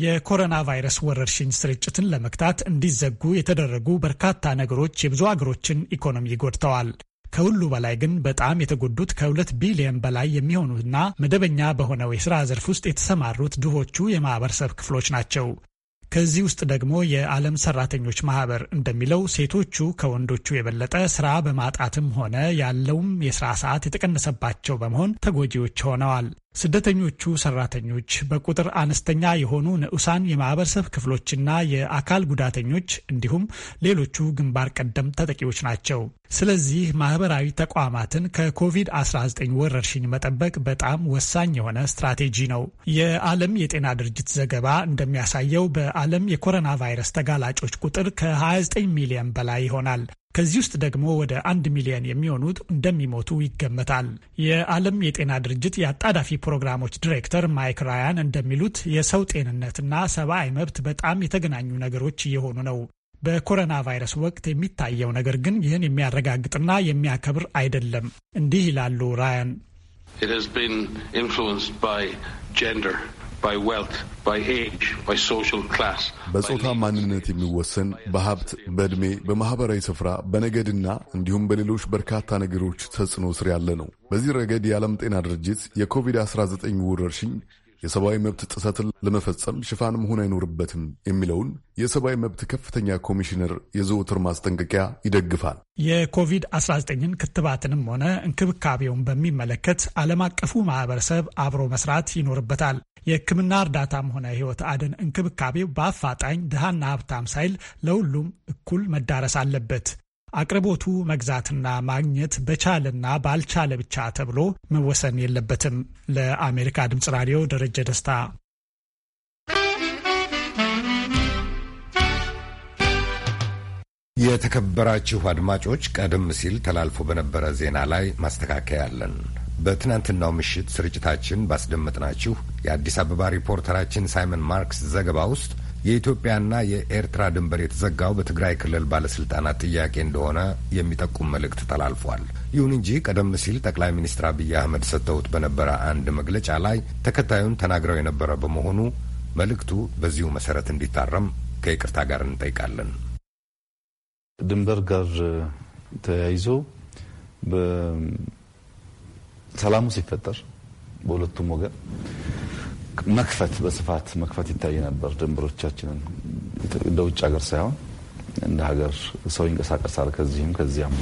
የኮሮና ቫይረስ ወረርሽኝ ስርጭትን ለመግታት እንዲዘጉ የተደረጉ በርካታ ነገሮች የብዙ አገሮችን ኢኮኖሚ ጎድተዋል። ከሁሉ በላይ ግን በጣም የተጎዱት ከሁለት ቢሊዮን በላይ የሚሆኑና መደበኛ በሆነው የሥራ ዘርፍ ውስጥ የተሰማሩት ድሆቹ የማህበረሰብ ክፍሎች ናቸው። ከዚህ ውስጥ ደግሞ የዓለም ሰራተኞች ማህበር እንደሚለው ሴቶቹ ከወንዶቹ የበለጠ ስራ በማጣትም ሆነ ያለውም የስራ ሰዓት የተቀነሰባቸው በመሆን ተጎጂዎች ሆነዋል። ስደተኞቹ ሰራተኞች በቁጥር አነስተኛ የሆኑ ንዑሳን የማህበረሰብ ክፍሎችና የአካል ጉዳተኞች እንዲሁም ሌሎቹ ግንባር ቀደም ተጠቂዎች ናቸው። ስለዚህ ማህበራዊ ተቋማትን ከኮቪድ-19 ወረርሽኝ መጠበቅ በጣም ወሳኝ የሆነ ስትራቴጂ ነው። የዓለም የጤና ድርጅት ዘገባ እንደሚያሳየው በዓለም የኮሮና ቫይረስ ተጋላጮች ቁጥር ከ29 ሚሊዮን በላይ ይሆናል። ከዚህ ውስጥ ደግሞ ወደ አንድ ሚሊዮን የሚሆኑት እንደሚሞቱ ይገመታል። የዓለም የጤና ድርጅት የአጣዳፊ ፕሮግራሞች ዲሬክተር ማይክ ራያን እንደሚሉት የሰው ጤንነትና ሰብአዊ መብት በጣም የተገናኙ ነገሮች እየሆኑ ነው። በኮሮና ቫይረስ ወቅት የሚታየው ነገር ግን ይህን የሚያረጋግጥና የሚያከብር አይደለም። እንዲህ ይላሉ ራያን በጾታ ማንነት የሚወሰን በሀብት፣ በዕድሜ፣ በማኅበራዊ ስፍራ፣ በነገድና እንዲሁም በሌሎች በርካታ ነገሮች ተጽዕኖ ስር ያለ ነው። በዚህ ረገድ የዓለም ጤና ድርጅት የኮቪድ-19 ወረርሽኝ የሰብአዊ መብት ጥሰትን ለመፈጸም ሽፋን መሆን አይኖርበትም የሚለውን የሰብአዊ መብት ከፍተኛ ኮሚሽነር የዘወትር ማስጠንቀቂያ ይደግፋል። የኮቪድ-19ን ክትባትንም ሆነ እንክብካቤውን በሚመለከት ዓለም አቀፉ ማህበረሰብ አብሮ መስራት ይኖርበታል። የሕክምና እርዳታም ሆነ ህይወት አድን እንክብካቤው በአፋጣኝ ድሃና ሀብታም ሳይል ለሁሉም እኩል መዳረስ አለበት። አቅርቦቱ መግዛትና ማግኘት በቻለና ባልቻለ ብቻ ተብሎ መወሰን የለበትም። ለአሜሪካ ድምጽ ራዲዮ ደረጀ ደስታ። የተከበራችሁ አድማጮች፣ ቀደም ሲል ተላልፎ በነበረ ዜና ላይ ማስተካከያ አለን። በትናንትናው ምሽት ስርጭታችን ባስደመጥናችሁ የአዲስ አበባ ሪፖርተራችን ሳይመን ማርክስ ዘገባ ውስጥ የኢትዮጵያና የኤርትራ ድንበር የተዘጋው በትግራይ ክልል ባለስልጣናት ጥያቄ እንደሆነ የሚጠቁም መልእክት ተላልፏል። ይሁን እንጂ ቀደም ሲል ጠቅላይ ሚኒስትር አብይ አህመድ ሰጥተውት በነበረ አንድ መግለጫ ላይ ተከታዩን ተናግረው የነበረ በመሆኑ መልእክቱ በዚሁ መሰረት እንዲታረም ከይቅርታ ጋር እንጠይቃለን። ድንበር ጋር ተያይዞ ሰላሙ ሲፈጠር በሁለቱም ወገን መክፈት በስፋት መክፈት ይታይ ነበር። ድንበሮቻችንን እንደ ውጭ ሀገር ሳይሆን እንደ ሀገር ሰው ይንቀሳቀሳል ከዚህም ከዚያም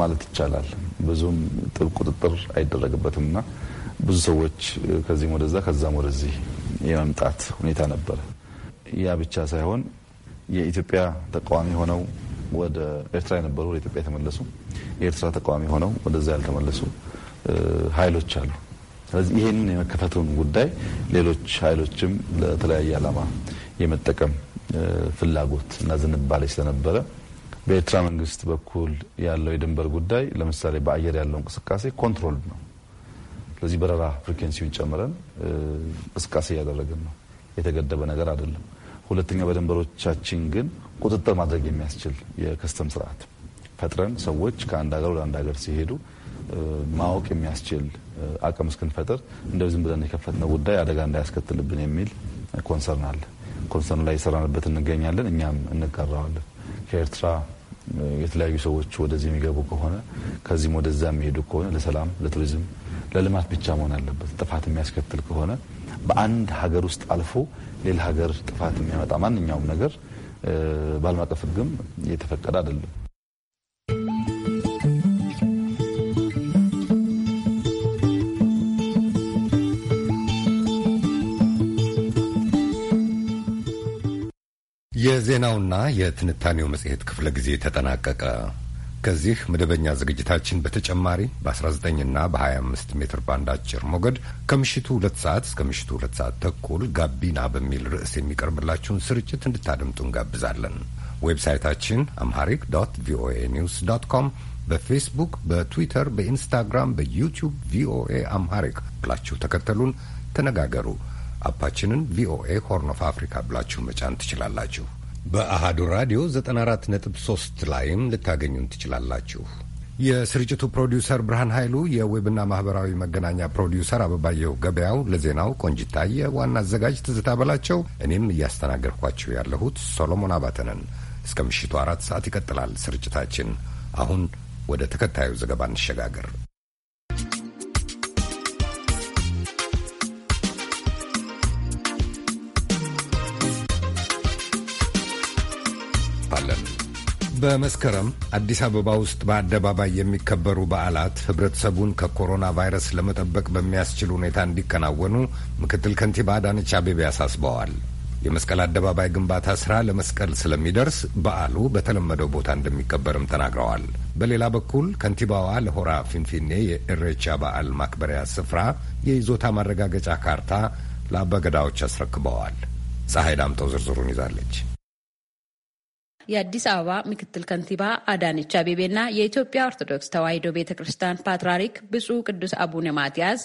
ማለት ይቻላል። ብዙም ጥብቅ ቁጥጥር አይደረግበትም እና ብዙ ሰዎች ከዚህም ወደዛ ከዛም ወደዚህ የመምጣት ሁኔታ ነበረ። ያ ብቻ ሳይሆን የኢትዮጵያ ተቃዋሚ ሆነው ወደ ኤርትራ የነበሩ ወደ ኢትዮጵያ የተመለሱ የኤርትራ ተቃዋሚ ሆነው ወደዛ ያልተመለሱ ኃይሎች አሉ። ስለዚህ ይህንን የመከፈቱን ጉዳይ ሌሎች ኃይሎችም ለተለያየ ዓላማ የመጠቀም ፍላጎት እና ዝንባሌ ስለነበረ በኤርትራ መንግስት በኩል ያለው የድንበር ጉዳይ ለምሳሌ በአየር ያለው እንቅስቃሴ ኮንትሮል ነው። ስለዚህ በረራ ፍሪኬንሲውን ጨምረን እንቅስቃሴ እያደረግን ነው። የተገደበ ነገር አይደለም። ሁለተኛ በድንበሮቻችን ግን ቁጥጥር ማድረግ የሚያስችል የከስተም ስርዓት ፈጥረን ሰዎች ከአንድ ሀገር ወደ አንድ ሀገር ሲሄዱ ማወቅ የሚያስችል አቅም እስክንፈጥር እንደው ዝም ብለን የከፈትነው ጉዳይ አደጋ እንዳያስከትልብን የሚል ኮንሰርን አለ። ኮንሰርን ላይ የሰራንበት እንገኛለን። እኛም እንጋራዋለን። ከኤርትራ የተለያዩ ሰዎች ወደዚህ የሚገቡ ከሆነ ከዚህም ወደዛ የሚሄዱ ከሆነ ለሰላም፣ ለቱሪዝም፣ ለልማት ብቻ መሆን አለበት። ጥፋት የሚያስከትል ከሆነ በአንድ ሀገር ውስጥ አልፎ ሌላ ሀገር ጥፋት የሚያመጣ ማንኛውም ነገር በዓለም አቀፍ ሕግም የተፈቀደ አይደለም። የዜናውና የትንታኔው መጽሔት ክፍለ ጊዜ ተጠናቀቀ። ከዚህ መደበኛ ዝግጅታችን በተጨማሪ በ 19 እና በ25 ሜትር ባንድ አጭር ሞገድ ከምሽቱ ሁለት ሰዓት እስከ ምሽቱ ሁለት ሰዓት ተኩል ጋቢና በሚል ርዕስ የሚቀርብላችሁን ስርጭት እንድታደምጡ እንጋብዛለን። ዌብሳይታችን አምሃሪክ ዶት ቪኦኤ ኒውስ ዶት ኮም፣ በፌስቡክ፣ በትዊተር፣ በኢንስታግራም፣ በዩቲዩብ ቪኦኤ አምሃሪክ ብላችሁ ተከተሉን፣ ተነጋገሩ። አፓችንን ቪኦኤ ሆርን ኦፍ አፍሪካ ብላችሁ መጫን ትችላላችሁ። በአሃዱ ራዲዮ 94.3 ላይም ልታገኙን ትችላላችሁ። የስርጭቱ ፕሮዲውሰር ብርሃን ኃይሉ፣ የዌብና ማህበራዊ መገናኛ ፕሮዲውሰር አበባየሁ ገበያው፣ ለዜናው ቆንጅታየ፣ ዋና አዘጋጅ ትዝታ በላቸው፣ እኔም እያስተናገድኳችሁ ያለሁት ሶሎሞን አባተ ነን። እስከ ምሽቱ አራት ሰዓት ይቀጥላል ስርጭታችን። አሁን ወደ ተከታዩ ዘገባ እንሸጋገር። በመስከረም አዲስ አበባ ውስጥ በአደባባይ የሚከበሩ በዓላት ህብረተሰቡን ከኮሮና ቫይረስ ለመጠበቅ በሚያስችል ሁኔታ እንዲከናወኑ ምክትል ከንቲባ አዳነች አቤቤ አሳስበዋል። የመስቀል አደባባይ ግንባታ ስራ ለመስቀል ስለሚደርስ በዓሉ በተለመደው ቦታ እንደሚከበርም ተናግረዋል። በሌላ በኩል ከንቲባዋ ለሆራ ፊንፊኔ የእሬቻ በዓል ማክበሪያ ስፍራ የይዞታ ማረጋገጫ ካርታ ለአበገዳዎች አስረክበዋል። ፀሐይ ዳምጠው ዝርዝሩን ይዛለች። የአዲስ አበባ ምክትል ከንቲባ አዳነች አቤቤና የኢትዮጵያ ኦርቶዶክስ ተዋሕዶ ቤተ ክርስቲያን ፓትርያርክ ብፁዕ ቅዱስ አቡነ ማትያስ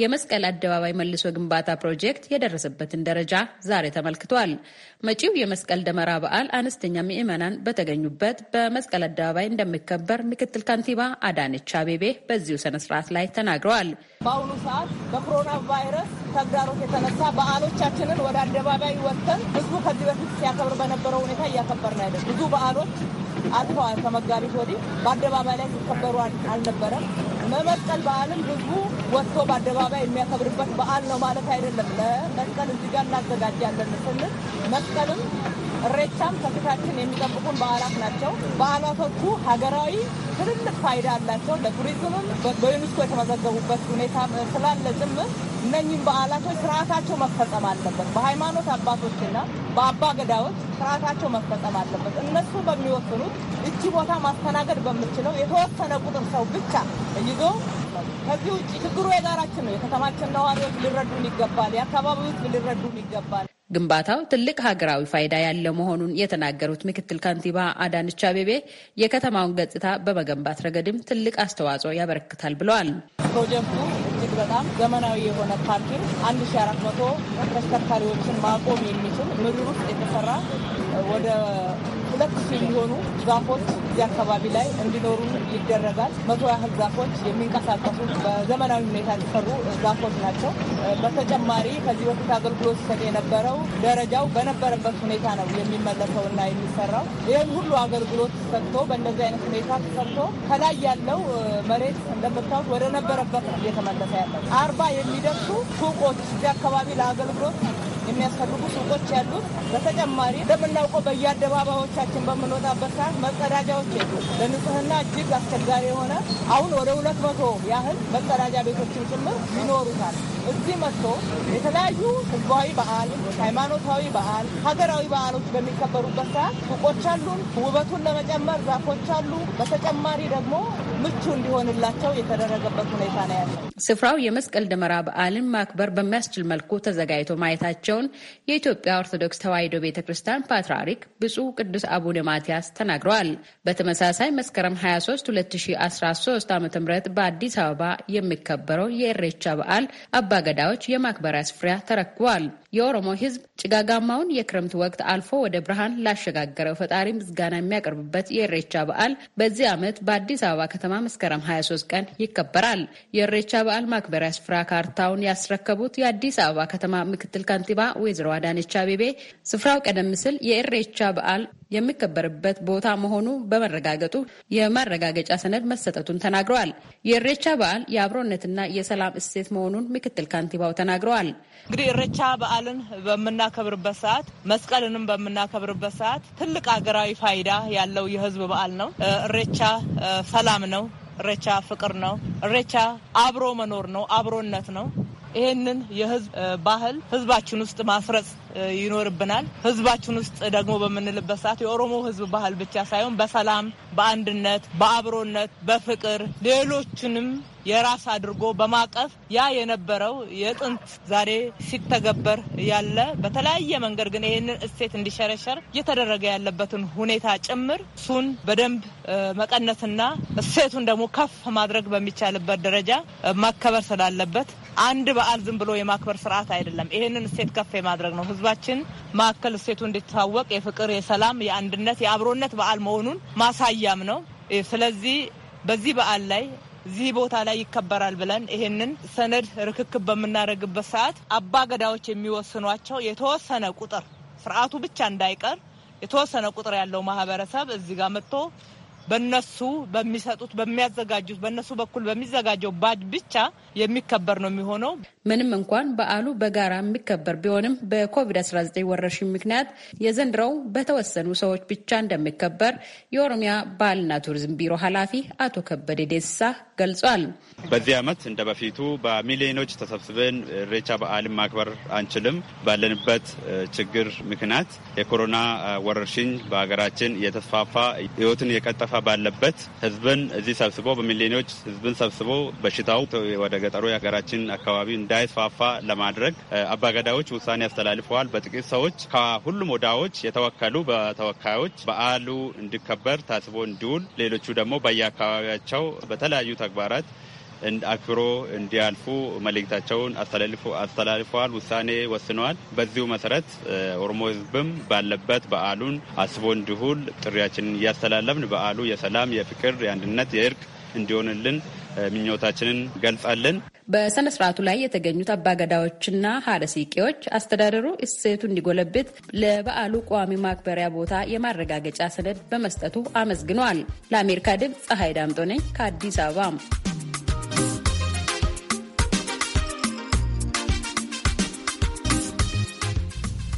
የመስቀል አደባባይ መልሶ ግንባታ ፕሮጀክት የደረሰበትን ደረጃ ዛሬ ተመልክቷል። መጪው የመስቀል ደመራ በዓል አነስተኛ ምዕመናን በተገኙበት በመስቀል አደባባይ እንደሚከበር ምክትል ከንቲባ አዳነች አቤቤ በዚሁ ስነስርዓት ላይ ተናግረዋል። በአሁኑ ሰዓት በኮሮና ቫይረስ ተግዳሮት የተነሳ በዓሎቻችንን ወደ አደባባይ ወጥተን ህዝቡ ከዚህ በፊት ሲያከብር በነበረው ሁኔታ እያከበርን አይደለም። ብዙ በዓሎች አልፈዋል። ከመጋቢት ወዲህ በአደባባይ ላይ ሲከበሩ አልነበረም። መመስቀል በዓልም ህዝቡ ወጥቶ በአደባባይ የሚያከብርበት በዓል ነው ማለት አይደለም። ለመስቀል እዚህ ጋር እናዘጋጃለን ስንል መስቀልም እሬቻም ከፊታችን የሚጠብቁን በዓላት ናቸው። በዓላቶቹ ሀገራዊ ትልልቅ ፋይዳ አላቸው። ለቱሪዝምም በዩኒስኮ የተመዘገቡበት ሁኔታ ስላለ ጭምር እነኝም በዓላቶች ስርዓታቸው መፈጸም አለበት። በሃይማኖት አባቶችና በአባ ገዳዎች ስርዓታቸው መፈጸም አለበት። እነሱ በሚወስኑት እቺ ቦታ ማስተናገድ በምችለው የተወሰነ ቁጥር ሰው ብቻ ይዞ ከዚህ ውጭ ችግሩ የጋራችን ነው። የከተማችን ነዋሪዎች ሊረዱን ይገባል። የአካባቢዎች ሊረዱን ይገባል። ግንባታው ትልቅ ሀገራዊ ፋይዳ ያለ መሆኑን የተናገሩት ምክትል ከንቲባ አዳነች አቤቤ የከተማውን ገጽታ በመገንባት ረገድም ትልቅ አስተዋጽኦ ያበረክታል ብለዋል። ፕሮጀክቱ እጅግ በጣም ዘመናዊ የሆነ ፓርኪንግ አንድ ሺ አራት መቶ ተሽከርካሪዎችን ማቆም የሚችል ምድር ውስጥ የተሰራ ወደ ሁለት ሺህ የሚሆኑ ዛፎች እዚህ አካባቢ ላይ እንዲኖሩ ይደረጋል። መቶ ያህል ዛፎች የሚንቀሳቀሱ በዘመናዊ ሁኔታ የተሰሩ ዛፎች ናቸው። በተጨማሪ ከዚህ በፊት አገልግሎት ሲሰጥ የነበረው ደረጃው በነበረበት ሁኔታ ነው የሚመለሰው እና የሚሰራው። ይህን ሁሉ አገልግሎት ሰጥቶ በእንደዚህ አይነት ሁኔታ ተሰርቶ ከላይ ያለው መሬት እንደምታዩት ወደ ነበረበት ነው እየተመለሰ ያለው። አርባ የሚደርሱ ሱቆች እዚህ አካባቢ ለአገልግሎት የሚያስፈልጉ ሱቆች ያሉት። በተጨማሪ እንደምናውቀው በየአደባባዮቻችን በምንወጣበት ሰዓት መጸዳጃዎች የሉ። ለንጽህና እጅግ አስቸጋሪ የሆነ አሁን ወደ ሁለት መቶ ያህል መጸዳጃ ቤቶችን ጭምር ይኖሩታል። እዚህ መጥቶ የተለያዩ ህዝባዊ በዓል፣ ሃይማኖታዊ በዓል፣ ሀገራዊ በዓሎች በሚከበሩበት ሰዓት ሱቆች አሉን። ውበቱን ለመጨመር ዛፎች አሉ። በተጨማሪ ደግሞ ምቹ እንዲሆንላቸው የተደረገበት ሁኔታ ነው ያለው። ስፍራው የመስቀል ደመራ በዓልን ማክበር በሚያስችል መልኩ ተዘጋጅቶ ማየታቸው መሆናቸውን የኢትዮጵያ ኦርቶዶክስ ተዋሕዶ ቤተ ክርስቲያን ፓትርያርክ ብፁዕ ቅዱስ አቡነ ማትያስ ተናግረዋል። በተመሳሳይ መስከረም 23 2013 ዓ ም በአዲስ አበባ የሚከበረው የእሬቻ በዓል አባገዳዎች የማክበሪያ ስፍራ ተረክቧል። የኦሮሞ ሕዝብ ጭጋጋማውን የክረምት ወቅት አልፎ ወደ ብርሃን ላሸጋገረው ፈጣሪ ምስጋና የሚያቀርብበት የእሬቻ በዓል በዚህ ዓመት በአዲስ አበባ ከተማ መስከረም 23 ቀን ይከበራል። የእሬቻ በዓል ማክበሪያ ስፍራ ካርታውን ያስረከቡት የአዲስ አበባ ከተማ ምክትል ከንቲባ ወይዘሮ አዳነች አቤቤ ስፍራው ቀደም ሲል የእሬቻ በዓል የሚከበርበት ቦታ መሆኑ በመረጋገጡ የማረጋገጫ ሰነድ መሰጠቱን ተናግረዋል። የእሬቻ በዓል የአብሮነትና የሰላም እሴት መሆኑን ምክትል ካንቲባው ተናግረዋል። እንግዲህ እሬቻ በዓልን በምናከብርበት ሰዓት፣ መስቀልንም በምናከብርበት ሰዓት ትልቅ ሀገራዊ ፋይዳ ያለው የህዝብ በዓል ነው። እሬቻ ሰላም ነው። እሬቻ ፍቅር ነው። እሬቻ አብሮ መኖር ነው። አብሮነት ነው። ይሄንን የህዝብ ባህል ህዝባችን ውስጥ ማስረጽ ይኖርብናል። ህዝባችን ውስጥ ደግሞ በምንልበት ሰዓት የኦሮሞ ህዝብ ባህል ብቻ ሳይሆን በሰላም፣ በአንድነት፣ በአብሮነት፣ በፍቅር ሌሎችንም የራስ አድርጎ በማቀፍ ያ የነበረው የጥንት ዛሬ ሲተገበር ያለ በተለያየ መንገድ ግን ይህንን እሴት እንዲሸረሸር እየተደረገ ያለበትን ሁኔታ ጭምር እሱን በደንብ መቀነስና እሴቱን ደግሞ ከፍ ማድረግ በሚቻልበት ደረጃ መከበር ስላለበት አንድ በዓል ዝም ብሎ የማክበር ስርዓት አይደለም። ይህንን እሴት ከፍ የማድረግ ነው። ህዝባችን ማዕከል እሴቱ እንዲታወቅ የፍቅር፣ የሰላም፣ የአንድነት፣ የአብሮነት በዓል መሆኑን ማሳያም ነው። ስለዚህ በዚህ በዓል ላይ እዚህ ቦታ ላይ ይከበራል ብለን ይህንን ሰነድ ርክክብ በምናደርግበት ሰዓት አባ ገዳዎች የሚወስኗቸው የተወሰነ ቁጥር ስርዓቱ ብቻ እንዳይቀር የተወሰነ ቁጥር ያለው ማህበረሰብ እዚህ ጋር መጥቶ በነሱ በሚሰጡት በሚያዘጋጁት በነሱ በኩል በሚዘጋጀው ባጅ ብቻ የሚከበር ነው የሚሆነው። ምንም እንኳን በዓሉ በጋራ የሚከበር ቢሆንም በኮቪድ-19 ወረርሽኝ ምክንያት የዘንድሮው በተወሰኑ ሰዎች ብቻ እንደሚከበር የኦሮሚያ ባህልና ቱሪዝም ቢሮ ኃላፊ አቶ ከበደ ደሳ ገልጿል። በዚህ ዓመት እንደ በፊቱ በሚሊዮኖች ተሰብስበን ሬቻ በዓልን ማክበር አንችልም። ባለንበት ችግር ምክንያት የኮሮና ወረርሽኝ በሀገራችን እየተስፋፋ ህይወትን እየቀጠፈ ባለበት ህዝብን እዚህ ሰብስቦ በሚሊዮኖች ህዝብን ሰብስቦ በሽታው ወደ ገጠሩ የሀገራችን አካባቢ እንዳይስፋፋ ለማድረግ አባገዳዎች ውሳኔ አስተላልፈዋል። በጥቂት ሰዎች ከሁሉም ወዳዎች የተወከሉ በተወካዮች በዓሉ እንዲከበር ታስቦ እንዲውል፣ ሌሎቹ ደግሞ በየአካባቢያቸው በተለያዩ ተግባራት አክብሮ እንዲያልፉ መልእክታቸውን አስተላልፈዋል፣ ውሳኔ ወስነዋል። በዚሁ መሰረት ኦሮሞ ሕዝብም ባለበት በዓሉን አስቦ እንዲሁል ጥሪያችንን እያስተላለፍን በዓሉ የሰላም፣ የፍቅር፣ የአንድነት፣ የእርቅ እንዲሆንልን ምኞታችንን ገልጻለን። በስነ ስርዓቱ ላይ የተገኙት አባገዳዎችና ሀደ ሲቄዎች አስተዳደሩ እሴቱ እንዲጎለብት ለበዓሉ ቋሚ ማክበሪያ ቦታ የማረጋገጫ ሰነድ በመስጠቱ አመስግነዋል። ለአሜሪካ ድምፅ ፀሐይ ዳምጦ ነኝ ከአዲስ አበባ።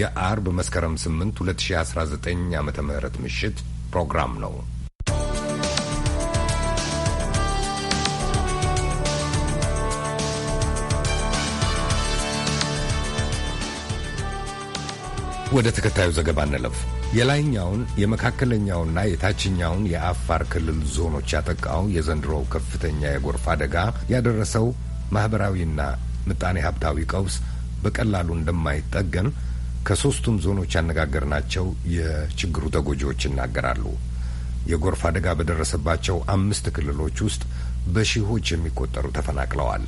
የአርብ መስከረም 8 2019 ዓ ም ምሽት ፕሮግራም ነው። ወደ ተከታዩ ዘገባ እንለፍ። የላይኛውን የመካከለኛውና የታችኛውን የአፋር ክልል ዞኖች ያጠቃው የዘንድሮው ከፍተኛ የጎርፍ አደጋ ያደረሰው ማኅበራዊና ምጣኔ ሀብታዊ ቀውስ በቀላሉ እንደማይጠገን ከሶስቱም ዞኖች ያነጋገርናቸው የችግሩ ተጎጂዎች ይናገራሉ። የጎርፍ አደጋ በደረሰባቸው አምስት ክልሎች ውስጥ በሺዎች የሚቆጠሩ ተፈናቅለዋል፣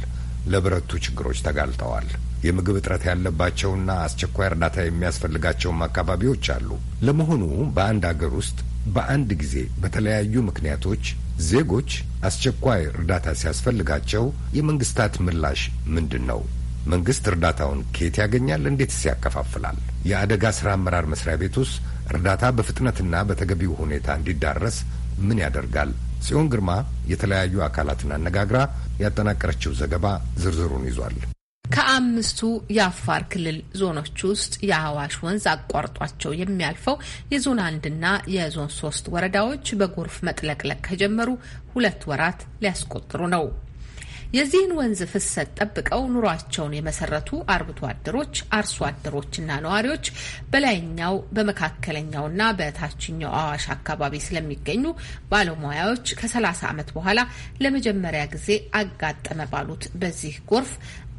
ለብረቱ ችግሮች ተጋልጠዋል። የምግብ እጥረት ያለባቸውና አስቸኳይ እርዳታ የሚያስፈልጋቸውም አካባቢዎች አሉ። ለመሆኑ በአንድ አገር ውስጥ በአንድ ጊዜ በተለያዩ ምክንያቶች ዜጎች አስቸኳይ እርዳታ ሲያስፈልጋቸው የመንግስታት ምላሽ ምንድን ነው? መንግስት እርዳታውን ከየት ያገኛል? እንዴትስ ያከፋፍላል? የአደጋ ስራ አመራር መስሪያ ቤት ውስጥ እርዳታ በፍጥነትና በተገቢው ሁኔታ እንዲዳረስ ምን ያደርጋል? ጽዮን ግርማ የተለያዩ አካላትን አነጋግራ ያጠናቀረችው ዘገባ ዝርዝሩን ይዟል። ከአምስቱ የአፋር ክልል ዞኖች ውስጥ የአዋሽ ወንዝ አቋርጧቸው የሚያልፈው የዞን አንድና የዞን ሶስት ወረዳዎች በጎርፍ መጥለቅለቅ ከጀመሩ ሁለት ወራት ሊያስቆጥሩ ነው። የዚህን ወንዝ ፍሰት ጠብቀው ኑሯቸውን የመሰረቱ አርብቶ አደሮች፣ አርሶ አደሮችና ነዋሪዎች በላይኛው በመካከለኛውና በታችኛው አዋሽ አካባቢ ስለሚገኙ ባለሙያዎች ከ30 ዓመት በኋላ ለመጀመሪያ ጊዜ አጋጠመ ባሉት በዚህ ጎርፍ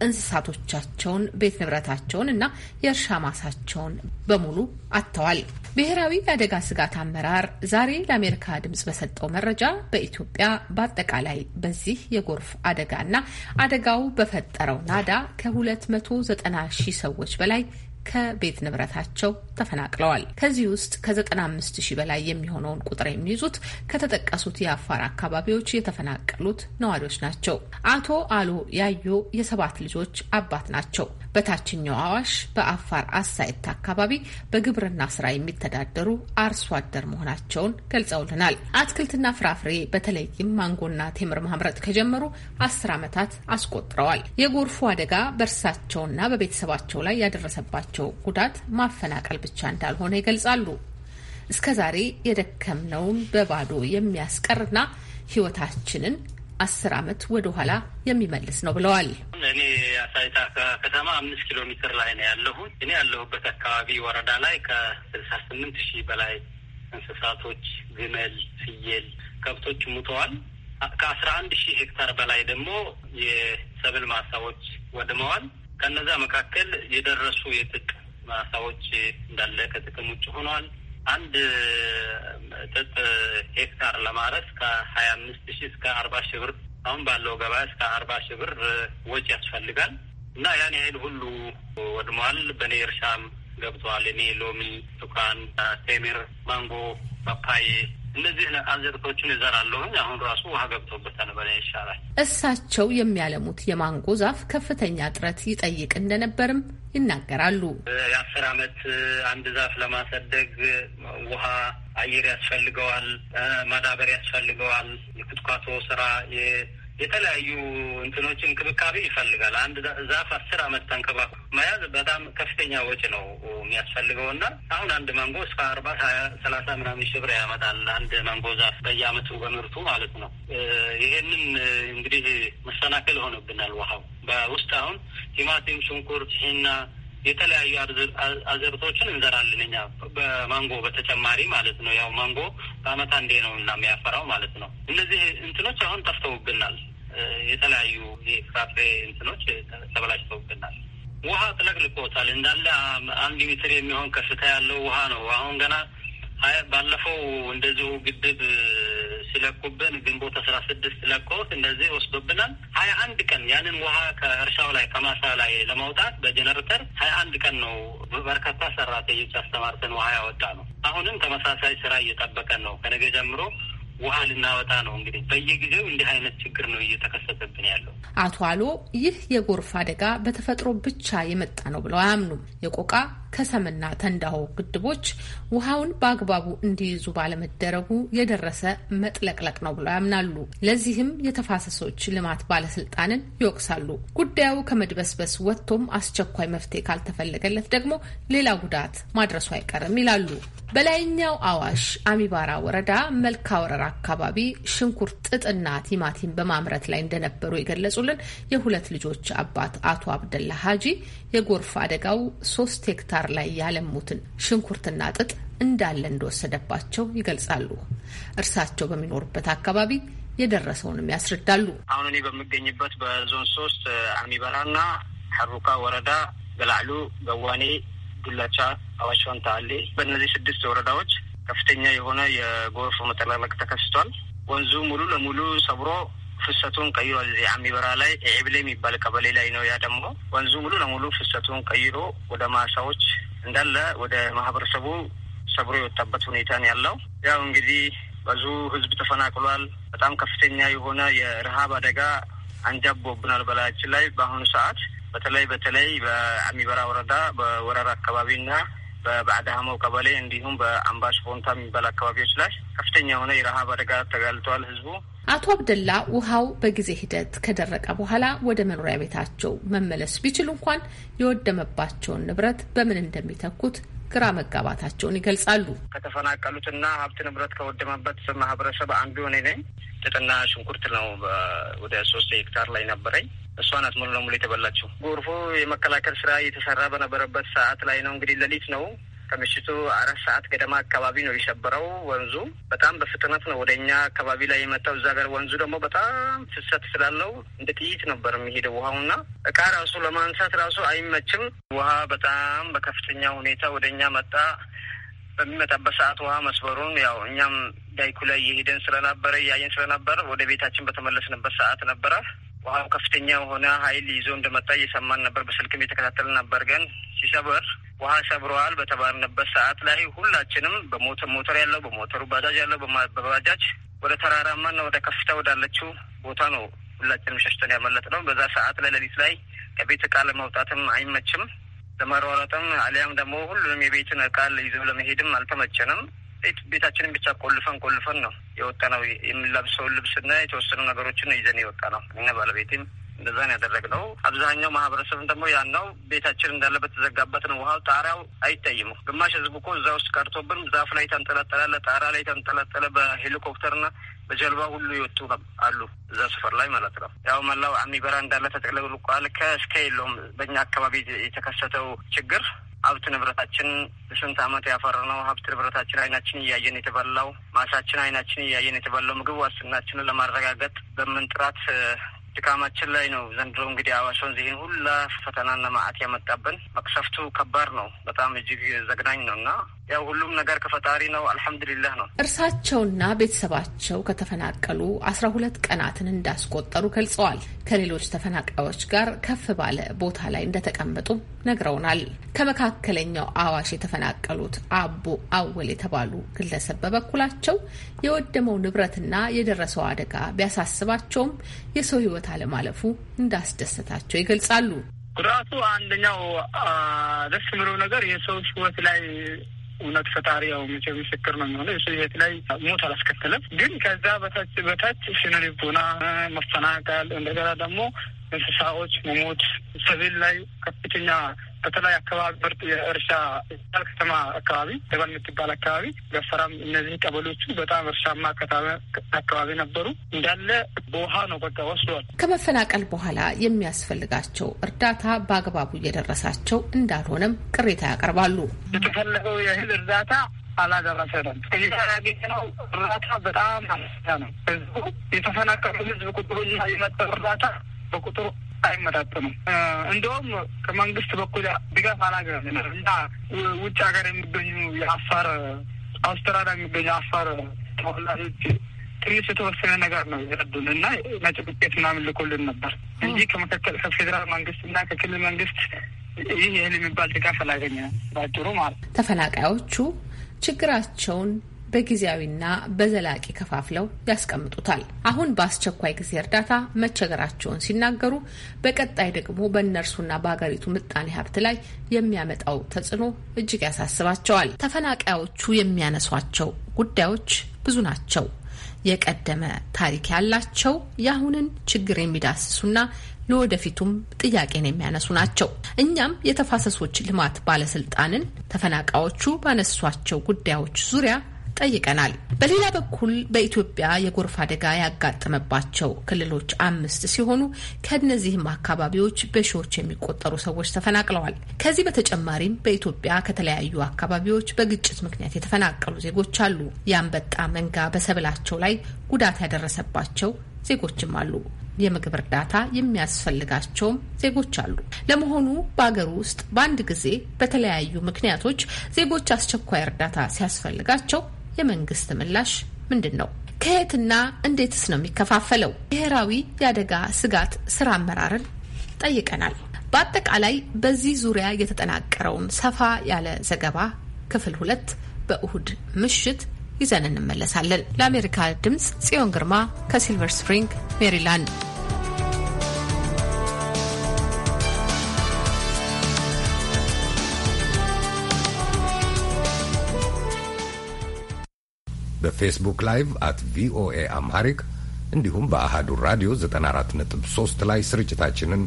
እንስሳቶቻቸውን፣ ቤት ንብረታቸውን እና የእርሻ ማሳቸውን በሙሉ አጥተዋል። ብሔራዊ የአደጋ ስጋት አመራር ዛሬ ለአሜሪካ ድምጽ በሰጠው መረጃ በኢትዮጵያ በአጠቃላይ በዚህ የጎርፍ አደጋ እና አደጋው በፈጠረው ናዳ ከ290 ሺህ ሰዎች በላይ ከቤት ንብረታቸው ተፈናቅለዋል። ከዚህ ውስጥ ከ95 ሺ በላይ የሚሆነውን ቁጥር የሚይዙት ከተጠቀሱት የአፋር አካባቢዎች የተፈናቀሉት ነዋሪዎች ናቸው። አቶ አሎ ያዮ የሰባት ልጆች አባት ናቸው። በታችኛው አዋሽ በአፋር አሳይት አካባቢ በግብርና ስራ የሚተዳደሩ አርሶ አደር መሆናቸውን ገልጸውልናል። አትክልትና ፍራፍሬ በተለይም ማንጎና ቴምር ማምረት ከጀመሩ አስር ዓመታት አስቆጥረዋል። የጎርፉ አደጋ በእርሳቸውና በቤተሰባቸው ላይ ያደረሰባቸው ጉዳት ማፈናቀል ብቻ እንዳልሆነ ይገልጻሉ። እስከ ዛሬ የደከምነውን በባዶ የሚያስቀርና ሕይወታችንን አስር ዓመት ወደ ኋላ የሚመልስ ነው ብለዋል። እኔ አሳይታ ከተማ አምስት ኪሎ ሜትር ላይ ነው ያለሁት። እኔ ያለሁበት አካባቢ ወረዳ ላይ ከስልሳ ስምንት ሺህ በላይ እንስሳቶች ግመል፣ ፍየል፣ ከብቶች ሙተዋል። ከአስራ አንድ ሺህ ሄክታር በላይ ደግሞ የሰብል ማሳዎች ወድመዋል። ከነዛ መካከል የደረሱ የጥቅ ማሳዎች እንዳለ ከጥቅም ውጭ ሆነዋል። አንድ ጥጥ ሄክታር ለማረስ ከሀያ አምስት ሺህ እስከ አርባ ሺህ ብር አሁን ባለው ገበያ እስከ አርባ ሺህ ብር ወጪ ያስፈልጋል እና ያን ያህል ሁሉ ወድመዋል። በእኔ እርሻም ገብተዋል። እኔ ሎሚ፣ ቱካን፣ ቴምር፣ ማንጎ፣ ፓፓዬ እነዚህ አዝርቶችን እዘራለሁኝ። አሁን ራሱ ውሃ ገብቶበታል። በላ ይሻላል። እሳቸው የሚያለሙት የማንጎ ዛፍ ከፍተኛ ጥረት ይጠይቅ እንደነበርም ይናገራሉ። የአስር አመት አንድ ዛፍ ለማሳደግ ውሃ፣ አየር ያስፈልገዋል፣ ማዳበር ያስፈልገዋል። የኩትኳቶ ስራ የተለያዩ እንትኖች እንክብካቤ ይፈልጋል። አንድ ዛፍ አስር አመት ተንከባ መያዝ በጣም ከፍተኛ ወጪ ነው የሚያስፈልገው እና አሁን አንድ ማንጎ እስከ አርባ ሀያ ሰላሳ ምናምን ሺህ ብር ያመጣል። አንድ ማንጎ ዛፍ በየአመቱ በምርቱ ማለት ነው። ይሄንን እንግዲህ መሰናክል ሆነብናል። ውሀው በውስጥ አሁን ቲማቲም፣ ሽንኩርት፣ ሂና የተለያዩ አዝርቶችን እንዘራለን እኛ በማንጎ በተጨማሪ ማለት ነው። ያው ማንጎ በአመት አንዴ ነው እና የሚያፈራው ማለት ነው። እነዚህ እንትኖች አሁን ጠፍተውብናል። የተለያዩ የፍራፍሬ እንትኖች ተበላሽተውብናል። ውሃ ጥለቅልቆታል እንዳለ አንድ ሜትር የሚሆን ከፍታ ያለው ውሃ ነው። አሁን ገና ባለፈው እንደዚሁ ግድብ ሲለቁብን ግንቦት አስራ ስድስት ለቆት እንደዚህ ወስዶብናል። ሀያ አንድ ቀን ያንን ውሃ ከእርሻው ላይ ከማሳ ላይ ለማውጣት በጀነሬተር ሀያ አንድ ቀን ነው በርካታ ሰራተኞች አስተማርተን ውሃ ያወጣ ነው። አሁንም ተመሳሳይ ስራ እየጠበቀን ነው። ከነገ ጀምሮ ውሃ ልናወጣ ነው። እንግዲህ በየጊዜው እንዲህ አይነት ችግር ነው እየተከሰተብን ያለው። አቶ አሎ ይህ የጎርፍ አደጋ በተፈጥሮ ብቻ የመጣ ነው ብለው አያምኑም። የቆቃ ከሰምና ተንዳሆ ግድቦች ውሃውን በአግባቡ እንዲይዙ ባለመደረጉ የደረሰ መጥለቅለቅ ነው ብለው ያምናሉ። ለዚህም የተፋሰሶች ልማት ባለስልጣንን ይወቅሳሉ። ጉዳዩ ከመድበስበስ ወጥቶም አስቸኳይ መፍትሄ ካልተፈለገለት ደግሞ ሌላ ጉዳት ማድረሱ አይቀርም ይላሉ። በላይኛው አዋሽ አሚባራ ወረዳ መልካ ወረራ አካባቢ ሽንኩርት፣ ጥጥና ቲማቲም በማምረት ላይ እንደነበሩ የገለጹልን የሁለት ልጆች አባት አቶ አብደላ ሀጂ የጎርፍ አደጋው ሶስት ሄክታር ግንባር ላይ ያለሙትን ሽንኩርትና ጥጥ እንዳለ እንደወሰደባቸው ይገልጻሉ። እርሳቸው በሚኖሩበት አካባቢ የደረሰውንም ያስረዳሉ። አሁን እኔ በምገኝበት በዞን ሶስት አሚበራና ሐሩካ ወረዳ ገላዕሉ፣ ገዋኔ፣ ዱላቻ፣ አዋሽ በእነዚህ ስድስት ወረዳዎች ከፍተኛ የሆነ የጎርፍ መጠላለቅ ተከስቷል። ወንዙ ሙሉ ለሙሉ ሰብሮ ፍሰቱን ቀይሯል። እዚህ አሚበራ ላይ ኤብሌ የሚባል ቀበሌ ላይ ነው። ያ ደግሞ ወንዙ ሙሉ ለሙሉ ፍሰቱን ቀይሮ ወደ ማሳዎች እንዳለ ወደ ማህበረሰቡ ሰብሮ የወጣበት ሁኔታ ነው ያለው። ያው እንግዲህ ብዙ ህዝብ ተፈናቅሏል። በጣም ከፍተኛ የሆነ የረሃብ አደጋ አንጃቦብናል በላያችን ላይ በአሁኑ ሰዓት በተለይ በተለይ በአሚበራ ወረዳ በወረራ አካባቢና በበአዳሃማው ቀበሌ እንዲሁም በአምባሽ ቦንታ የሚባል አካባቢዎች ላይ ከፍተኛ የሆነ የረሃብ አደጋ ተጋልጠዋል ህዝቡ አቶ አብደላ ውሃው በጊዜ ሂደት ከደረቀ በኋላ ወደ መኖሪያ ቤታቸው መመለስ ቢችሉ እንኳን የወደመባቸውን ንብረት በምን እንደሚተኩት ግራ መጋባታቸውን ይገልጻሉ። ከተፈናቀሉትና ሀብት ንብረት ከወደመበት ማህበረሰብ አንዱ የሆነ ነኝ። ጥጥና ሽንኩርት ነው። ወደ ሶስት ሄክታር ላይ ነበረኝ። እሷ ናት ሙሉ ለሙሉ የተበላችው። ጎርፎ የመከላከል ስራ እየተሰራ በነበረበት ሰዓት ላይ ነው። እንግዲህ ሌሊት ነው ከምሽቱ አራት ሰዓት ገደማ አካባቢ ነው የሰበረው። ወንዙ በጣም በፍጥነት ነው ወደ እኛ አካባቢ ላይ የመጣው። እዛ ጋር ወንዙ ደግሞ በጣም ፍሰት ስላለው እንደ ጥይት ነበር የሚሄደው ውሃውና እቃ ራሱ ለማንሳት ራሱ አይመችም። ውሃ በጣም በከፍተኛ ሁኔታ ወደ እኛ መጣ። በሚመጣበት ሰዓት ውሃ መስበሩን ያው እኛም ዳይኩ ላይ የሄደን ስለነበረ እያየን ስለነበር ወደ ቤታችን በተመለስንበት ሰዓት ነበረ ውሃው ከፍተኛ የሆነ ኃይል ይዞ እንደመጣ እየሰማን ነበር። በስልክም እየተከታተልን ነበር። ግን ሲሰበር ውሃ ሰብረዋል በተባልንበት ሰዓት ላይ ሁላችንም በሞተር ሞተር ያለው በሞተሩ ባጃጅ ያለው በባጃጅ ወደ ተራራማና ወደ ከፍታ ወዳለችው ቦታ ነው ሁላችንም ሸሽተን ያመለጥ ነው። በዛ ሰዓት ላይ ሌሊት ላይ ከቤት እቃ ለመውጣትም አይመችም፣ ለመሯሯጥም አሊያም ደግሞ ሁሉንም የቤትን እቃ ይዘው ለመሄድም አልተመቸንም። ቤታችንን ብቻ ቆልፈን ቆልፈን ነው የወጣ ነው። የምንለብሰውን ልብስና የተወሰኑ ነገሮችን ይዘን የወጣ ነው እኛ ባለቤቴም እንደዛን ነው አብዛኛው ማህበረሰብም ደግሞ ያናው ቤታችን እንዳለበት ተዘጋበት ነው። ውሃው ጣሪያው አይታይም። ግማሽ ህዝብ እኮ እዛ ውስጥ ቀርቶብን ዛፍ ላይ ተንጠለጠለ፣ ጣራ ላይ ተንጠለጠለ። በሄሊኮፕተርና በጀልባ ሁሉ ይወጡ አሉ እዛ ሰፈር ላይ ማለት ነው። ያው መላው አሚበራ እንዳለ ተጠቅልቋል። ከእስከ የለውም በእኛ አካባቢ የተከሰተው ችግር ሀብት ንብረታችን ስንት ዓመት ያፈራነው ሀብት ንብረታችን አይናችን እያየን የተበላው ማሳችን አይናችን እያየን የተበላው ምግብ ዋስትናችንን ለማረጋገጥ በምን ጥራት ድካማችን ላይ ነው። ዘንድሮ እንግዲህ አዋሽ ወንዝ ይህን ሁላ ፈተናና ማዕት ያመጣብን መቅሰፍቱ ከባድ ነው። በጣም እጅግ ዘግናኝ ነው እና ያው ሁሉም ነገር ከፈጣሪ ነው። አልሐምዱሊላህ ነው። እርሳቸውና ቤተሰባቸው ከተፈናቀሉ አስራ ሁለት ቀናትን እንዳስቆጠሩ ገልጸዋል። ከሌሎች ተፈናቃዮች ጋር ከፍ ባለ ቦታ ላይ እንደተቀመጡ ነግረውናል። ከመካከለኛው አዋሽ የተፈናቀሉት አቦ አወል የተባሉ ግለሰብ በበኩላቸው የወደመው ንብረትና የደረሰው አደጋ ቢያሳስባቸውም የሰው ሕይወት አለማለፉ እንዳስደሰታቸው ይገልጻሉ። ራሱ አንደኛው ደስ ምለው ነገር የሰው ሕይወት ላይ እውነት ፈጣሪ ያው መቼ ምስክር ነው የሚሆነ የሰው ህይወት ላይ ሞት አላስከተለም። ግን ከዛ በታች በታች ስነ ልቦና መፈናቀል፣ እንደገና ደግሞ እንስሳዎች መሞት፣ ሰብል ላይ ከፍተኛ በተለይ አካባቢ ምርጥ የእርሻ ከተማ አካባቢ ደባል የምትባል አካባቢ ገፈራም፣ እነዚህ ቀበሌዎቹ በጣም እርሻማ አካባቢ ነበሩ። እንዳለ በውሃ ነው በቃ ወስዷል። ከመፈናቀል በኋላ የሚያስፈልጋቸው እርዳታ በአግባቡ እየደረሳቸው እንዳልሆነም ቅሬታ ያቀርባሉ። የተፈለገው የእህል እርዳታ አላደረሰንም። እዚያ ያገኘ ነው እርዳታ በጣም አነስተኛ ነው። ህዝቡ የተፈናቀሉ ህዝብ ቁጥሩና የመጣው እርዳታ በቁጥሩ አይመጣጠኑም። እንደውም ከመንግስት በኩል ድጋፍ አላገኘም እና ውጭ ሀገር የሚገኙ የአፋር አውስትራሊያ የሚገኙ አፋር ተወላጆች ትንሽ የተወሰነ ነገር ነው የረዱን እና ነጭ ዱቄት ምናምን ልኮልን ነበር እንጂ ከመካከል ከፌዴራል መንግስት እና ከክልል መንግስት ይህ ይህን የሚባል ድጋፍ አላገኘም። ባጭሩ ማለት ተፈናቃዮቹ ችግራቸውን በጊዜያዊና በዘላቂ ከፋፍለው ያስቀምጡታል። አሁን በአስቸኳይ ጊዜ እርዳታ መቸገራቸውን ሲናገሩ፣ በቀጣይ ደግሞ በእነርሱና በሀገሪቱ ምጣኔ ሀብት ላይ የሚያመጣው ተጽዕኖ እጅግ ያሳስባቸዋል። ተፈናቃዮቹ የሚያነሷቸው ጉዳዮች ብዙ ናቸው። የቀደመ ታሪክ ያላቸው የአሁንን ችግር የሚዳስሱና ለወደፊቱም ጥያቄን የሚያነሱ ናቸው። እኛም የተፋሰሶች ልማት ባለስልጣንን ተፈናቃዮቹ ባነሷቸው ጉዳዮች ዙሪያ ጠይቀናል። በሌላ በኩል በኢትዮጵያ የጎርፍ አደጋ ያጋጠመባቸው ክልሎች አምስት ሲሆኑ ከእነዚህም አካባቢዎች በሺዎች የሚቆጠሩ ሰዎች ተፈናቅለዋል። ከዚህ በተጨማሪም በኢትዮጵያ ከተለያዩ አካባቢዎች በግጭት ምክንያት የተፈናቀሉ ዜጎች አሉ። የአንበጣ መንጋ በሰብላቸው ላይ ጉዳት ያደረሰባቸው ዜጎችም አሉ። የምግብ እርዳታ የሚያስፈልጋቸውም ዜጎች አሉ። ለመሆኑ በአገር ውስጥ በአንድ ጊዜ በተለያዩ ምክንያቶች ዜጎች አስቸኳይ እርዳታ ሲያስፈልጋቸው የመንግስት ምላሽ ምንድን ነው? ከየትና እንዴትስ ነው የሚከፋፈለው? ብሔራዊ የአደጋ ስጋት ስራ አመራርን ጠይቀናል። በአጠቃላይ በዚህ ዙሪያ የተጠናቀረውን ሰፋ ያለ ዘገባ ክፍል ሁለት በእሁድ ምሽት ይዘን እንመለሳለን። ለአሜሪካ ድምፅ ጽዮን ግርማ ከሲልቨር ስፕሪንግ ሜሪላንድ በፌስቡክ ላይቭ አት ቪኦኤ አምሃሪክ እንዲሁም በአሃዱ ራዲዮ 94.3 ላይ ስርጭታችንን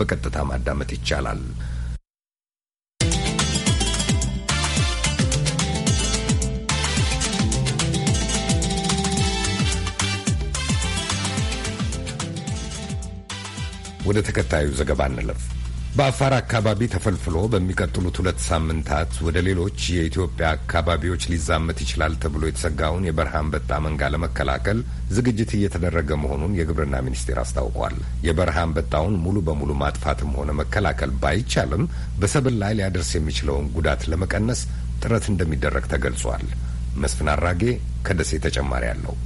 በቀጥታ ማዳመጥ ይቻላል። ወደ ተከታዩ ዘገባ እንለፍ። በአፋር አካባቢ ተፈልፍሎ በሚቀጥሉት ሁለት ሳምንታት ወደ ሌሎች የኢትዮጵያ አካባቢዎች ሊዛመት ይችላል ተብሎ የተሰጋውን የበረሃ አንበጣ መንጋ ለመከላከል ዝግጅት እየተደረገ መሆኑን የግብርና ሚኒስቴር አስታውቋል። የበረሃ አንበጣውን ሙሉ በሙሉ ማጥፋትም ሆነ መከላከል ባይቻልም በሰብል ላይ ሊያደርስ የሚችለውን ጉዳት ለመቀነስ ጥረት እንደሚደረግ ተገልጿል። መስፍን አራጌ ከደሴ ተጨማሪ አለው።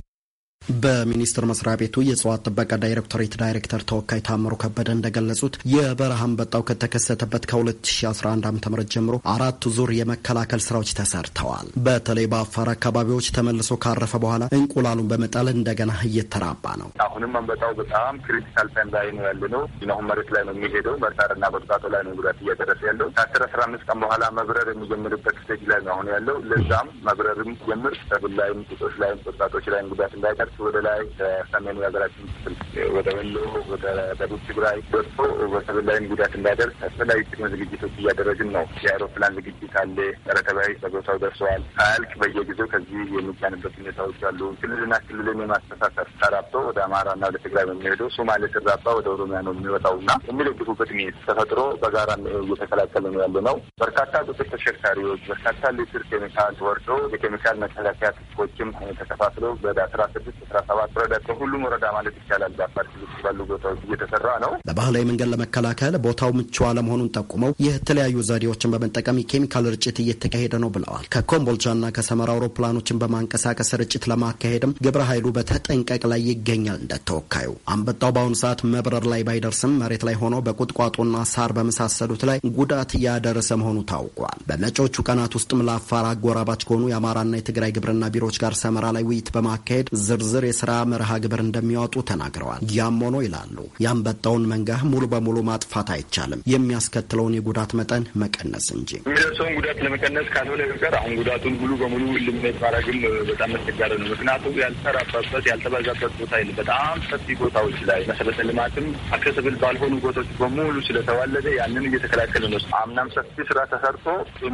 በሚኒስቴር መስሪያ ቤቱ የእጽዋት ጥበቃ ዳይሬክቶሬት ዳይሬክተር ተወካይ ታምሩ ከበደ እንደገለጹት የበረሃ አንበጣው ከተከሰተበት ከ2011 ዓ.ም ጀምሮ አራቱ ዙር የመከላከል ስራዎች ተሰርተዋል። በተለይ በአፋር አካባቢዎች ተመልሶ ካረፈ በኋላ እንቁላሉን በመጣል እንደገና እየተራባ ነው። አሁንም አንበጣው በጣም ክሪቲካል ታይም ላይ ነው ያለ ነው። አሁን መሬት ላይ ነው የሚሄደው። መርታርና በጥቃቶ ላይ ነው ጉዳት እያደረሰ ያለው። ከአስር አስራ አምስት ቀን በኋላ መብረር የሚጀምርበት ስቴጅ ላይ ነው አሁን ያለው። ለዛም መብረርም ጀምር ሰብል ላይም ቁጦች ላይም ጥቃቶች ላይም ጉዳት እንዳይቀር ወደታች ወደ ላይ ሰሜኑ የሀገራችን ክፍል ወደ ወሎ፣ ወደ ደቡብ ትግራይ ወጥቶ ወሰብ ላይም ጉዳት እንዳይደርስ አስፈላጊ ቅድመ ዝግጅቶች እያደረግን ነው። የአውሮፕላን ዝግጅት አለ። ረተባዊ በቦታው ደርሰዋል። አያልቅ በየጊዜው ከዚህ የሚጫንበት ሁኔታዎች አሉ። ክልልና ክልልን የማስተሳሰር ተራብቶ ወደ አማራና ወደ ትግራይ ነው የሚሄደው። ሶማሌ ትራባ ወደ ኦሮሚያ ነው የሚወጣው እና የሚደግፉበት ሚሄድ ተፈጥሮ በጋራ እየተከላከለ ነው ያለ ነው። በርካታ ቁጥር ተሽከርካሪዎች በርካታ ሊትር ኬሚካል ወርዶ የኬሚካል መከላከያ ትጥቆችም ተከፋፍለው ወደ አስራ ስድስት አስራ ሰባት ወረዳ በሁሉም ወረዳ ማለት ይቻላል በአፋር ክልል ባሉ ቦታዎች እየተሰራ ነው። በባህላዊ መንገድ ለመከላከል ቦታው ምቹ አለመሆኑን ጠቁመው የተለያዩ ዘዴዎችን በመጠቀም የኬሚካል ርጭት እየተካሄደ ነው ብለዋል። ከኮምቦልቻና ከሰመራ አውሮፕላኖችን በማንቀሳቀስ ርጭት ለማካሄድም ግብረ ኃይሉ በተጠንቀቅ ላይ ይገኛል። እንደተወካዩ አንበጣው በአሁኑ ሰዓት መብረር ላይ ባይደርስም መሬት ላይ ሆኖ በቁጥቋጦና ሳር በመሳሰሉት ላይ ጉዳት ያደረሰ መሆኑ ታውቋል። በመጪዎቹ ቀናት ውስጥም ለአፋር አጎራባች ከሆኑ የአማራና የትግራይ ግብርና ቢሮዎች ጋር ሰመራ ላይ ውይይት በማካሄድ ዝርዝር ዝርዝር የስራ መርሃ ግብር እንደሚያወጡ ተናግረዋል። ያም ሆኖ ይላሉ የአንበጣውን መንጋ ሙሉ በሙሉ ማጥፋት አይቻልም፣ የሚያስከትለውን የጉዳት መጠን መቀነስ እንጂ የሚደርሰውን ጉዳት ለመቀነስ ካልሆነ በቀር አሁን ጉዳቱን ሙሉ በሙሉ ልምነት ማድረግም በጣም አስቸጋሪ ነው። ምክንያቱም ያልተራባበት ያልተባዛበት ቦታ የለም። በጣም ሰፊ ቦታዎች ላይ መሰረተ ልማትም አክሰብል ባልሆኑ ቦታዎች በሙሉ ስለተዋለደ ያንን እየተከላከለ ነው። አምናም ሰፊ ስራ ተሰርቶ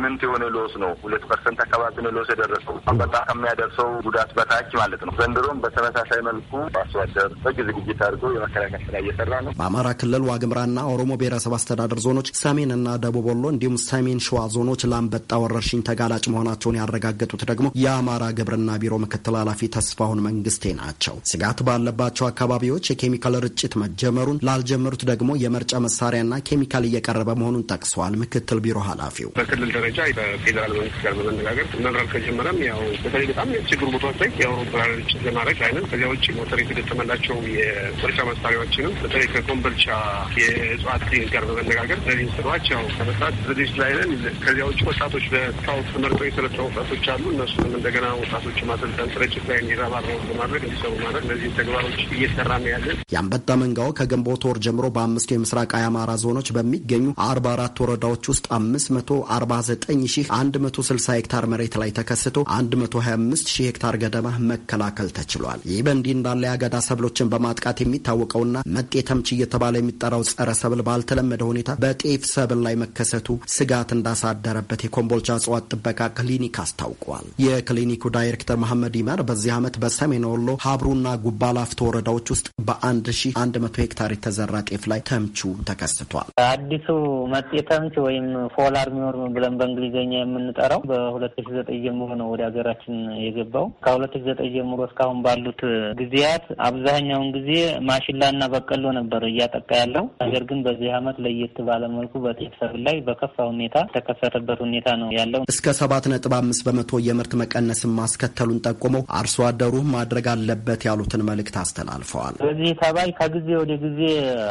ምንት የሆነ ሎስ ነው ሁለት ፐርሰንት አካባቢ ነው ሎስ የደረሰው አንበጣ ከሚያደርሰው ጉዳት በታች ማለት ነው። ዘንድሮም በተመሳሳይ መልኩ አርሶ አደር በቂ ዝግጅት አድርጎ የመከላከል ስራ እየሰራ ነው። በአማራ ክልል ዋግምራና ኦሮሞ ብሔረሰብ አስተዳደር ዞኖች ሰሜን ሰሜንና ደቡብ ወሎ እንዲሁም ሰሜን ሸዋ ዞኖች ለአንበጣ ወረርሽኝ ተጋላጭ መሆናቸውን ያረጋገጡት ደግሞ የአማራ ግብርና ቢሮ ምክትል ኃላፊ ተስፋሁን መንግስቴ ናቸው። ስጋት ባለባቸው አካባቢዎች የኬሚካል ርጭት መጀመሩን ላልጀመሩት ደግሞ የመርጫ መሳሪያና ኬሚካል እየቀረበ መሆኑን ጠቅሰዋል። ምክትል ቢሮ ኃላፊው በክልል ደረጃ በፌዴራል መንግስት ጋር በመነጋገር መምራር ከጀመረም ያው በተለይ በጣም ችግሩ ቦታዎች ላይ የአውሮፕላን ርጭት ለማድረግ ላይ ነን። ከዚያ ውጭ ሞተር የተገጠመላቸው የመርጫ መሳሪያዎችንም በተለይ ከኮምበልቻ የእጽዋት ክሊኒክ ጋር በመነጋገር እነዚህ ስራዎች ያው ከመስራት ዝግጅት ላይ ነን። ከዚያ ውጭ ወጣቶች በስካውት ተመርጠው የሰለጠኑ ወጣቶች አሉ። እነሱንም እንደገና ወጣቶች ማሰልጠን ስርጭት ላይ እንዲረባረቡ በማድረግ እንዲሰሩ ማድረግ እነዚህ ተግባሮች እየሰራ ነው ያለን። የአንበጣ መንጋው ከግንቦት ወር ጀምሮ በአምስቱ የምስራቅ አማራ ዞኖች በሚገኙ አርባ አራት ወረዳዎች ውስጥ አምስት መቶ አርባ ዘጠኝ ሺህ አንድ መቶ ስልሳ ሄክታር መሬት ላይ ተከስቶ አንድ መቶ ሀያ አምስት ሺህ ሄክታር ገደማ መከላከል ተችሏል። ችሏል። ይህ በእንዲህ እንዳለ የአገዳ ሰብሎችን በማጥቃት የሚታወቀውና መጤ ተምች እየተባለ የሚጠራው ጸረ ሰብል ባልተለመደ ሁኔታ በጤፍ ሰብል ላይ መከሰቱ ስጋት እንዳሳደረበት የኮምቦልቻ እጽዋት ጥበቃ ክሊኒክ አስታውቋል። የክሊኒኩ ዳይሬክተር መሐመድ ይመር በዚህ ዓመት በሰሜን ወሎ ሀብሩና ጉባ ላፍቶ ወረዳዎች ውስጥ በ1100 ሄክታር የተዘራ ጤፍ ላይ ተምቹ ተከስቷል። አዲሱ መጤ ተምች ወይም ፎላር አርሚዎርም ብለን በእንግሊዝኛ የምንጠራው በ2009 ጀምሮ ነው ወደ ሀገራችን የገባው። ከ2009 ጀምሮ እስካሁን ባሉት ጊዜያት አብዛኛውን ጊዜ ማሽላና በቀሎ ነበር እያጠቃ ያለው። ነገር ግን በዚህ አመት ለየት ባለመልኩ በጤፍ ሰብል ላይ በከፋ ሁኔታ የተከሰተበት ሁኔታ ነው ያለው። እስከ ሰባት ነጥብ አምስት በመቶ የምርት መቀነስን ማስከተሉን ጠቁመው አርሶ አደሩ ማድረግ አለበት ያሉትን መልእክት አስተላልፈዋል። በዚህ ተባይ ከጊዜ ወደ ጊዜ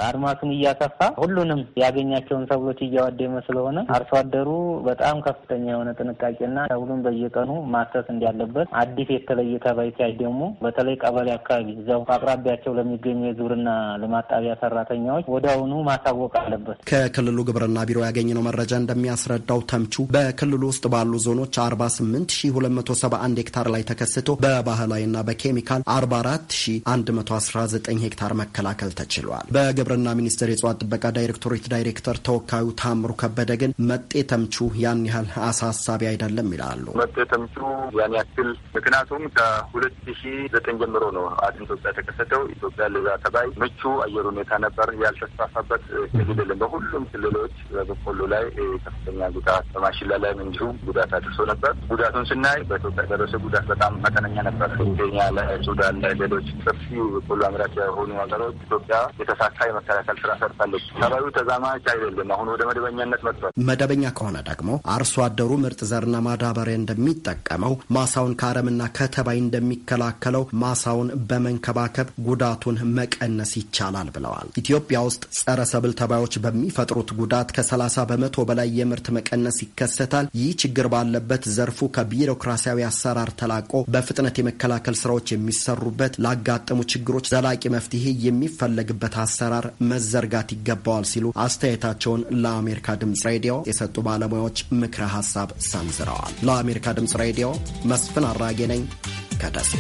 አድማሱን እያሰፋ ሁሉንም ያገኛቸውን ሰብሎች እያወደመ ስለሆነ አርሶ አደሩ በጣም ከፍተኛ የሆነ ጥንቃቄና ሰብሉን በየቀኑ ማሰስ እንዳለበት አዲስ የተለየ ተባይ ሲያይ ደግሞ በተለይ ቀበሌ አካባቢ እዚያው አቅራቢያቸው ለሚገኙ የግብርና ልማት ጣቢያ ሰራተኛዎች ወደ ማሳወቅ አለበት። ከክልሉ ግብርና ቢሮ ያገኘነው መረጃ እንደሚያስረዳው ተምቹ በክልሉ ውስጥ ባሉ ዞኖች 48271 ሄክታር ላይ ተከስቶ በባህላዊና በኬሚካል 44119 ሄክታር መከላከል ተችሏል። በግብርና ሚኒስቴር የእጽዋት ጥበቃ ዳይሬክቶሬት ዳይሬክተር ተወካዩ ታምሩ ከበደ ግን መጤ ተምቹ ያን ያህል አሳሳቢ አይደለም ይላሉ። መጤ ተምቹ ያን ያክል ምክንያቱም ከሁለት ሺ ዘጠኝ ጀምሮ ነው አድን ኢትዮጵያ የተከሰተው። ኢትዮጵያ ለዛ ተባይ ምቹ አየር ሁኔታ ነበር ያልተስፋፋበት ክልልም በሁሉም ክልሎች በበቆሎ ላይ ከፍተኛ ጉዳት፣ በማሽላ ላይም እንዲሁም ጉዳት አድርሶ ነበር። ጉዳቱን ስናይ በኢትዮጵያ ደረሰ ጉዳት በጣም መጠነኛ ነበር። ኬንያ ላይ፣ ሱዳን ላይ፣ ሌሎች ሰፊ በቆሎ አምራች የሆኑ ሀገሮች ኢትዮጵያ የተሳካ የመከላከል ስራ ሰርታለች። ተባዩ ተዛማች አይደለም። አሁን ወደ መደበኛነት መጥቷል። መደበኛ ከሆነ ደግሞ አርሶ አደሩ ምርጥ ዘርና ማዳበሪያ እንደሚጠቀመው ማሳውን ከአረምና ከተባይ እንደሚከላከለው ማሳውን በመንከባከብ ጉዳቱን መቀነስ ይቻላል ብለዋል። ኢትዮጵያ ውስጥ ጸረ ሰብል ተባዮች በሚፈጥሩት ጉዳት ከ30 በመቶ በላይ የምርት መቀነስ ይከሰታል። ይህ ችግር ባለበት ዘርፉ ከቢሮክራሲያዊ አሰራር ተላቆ በፍጥነት የመከላከል ስራዎች የሚሰሩበት፣ ላጋጠሙ ችግሮች ዘላቂ መፍትሄ የሚፈለግበት አሰራር መዘርጋት ይገባዋል ሲሉ አስተያየታቸውን ለአሜሪካ ድምፅ ሬዲዮ የሰጡ ባለሙያዎች ምክረ ሀሳብ ሰንዝረዋል። ለአሜሪካ ድምፅ ሬዲዮ መስፍን አራጌ ነኝ። ከደሴ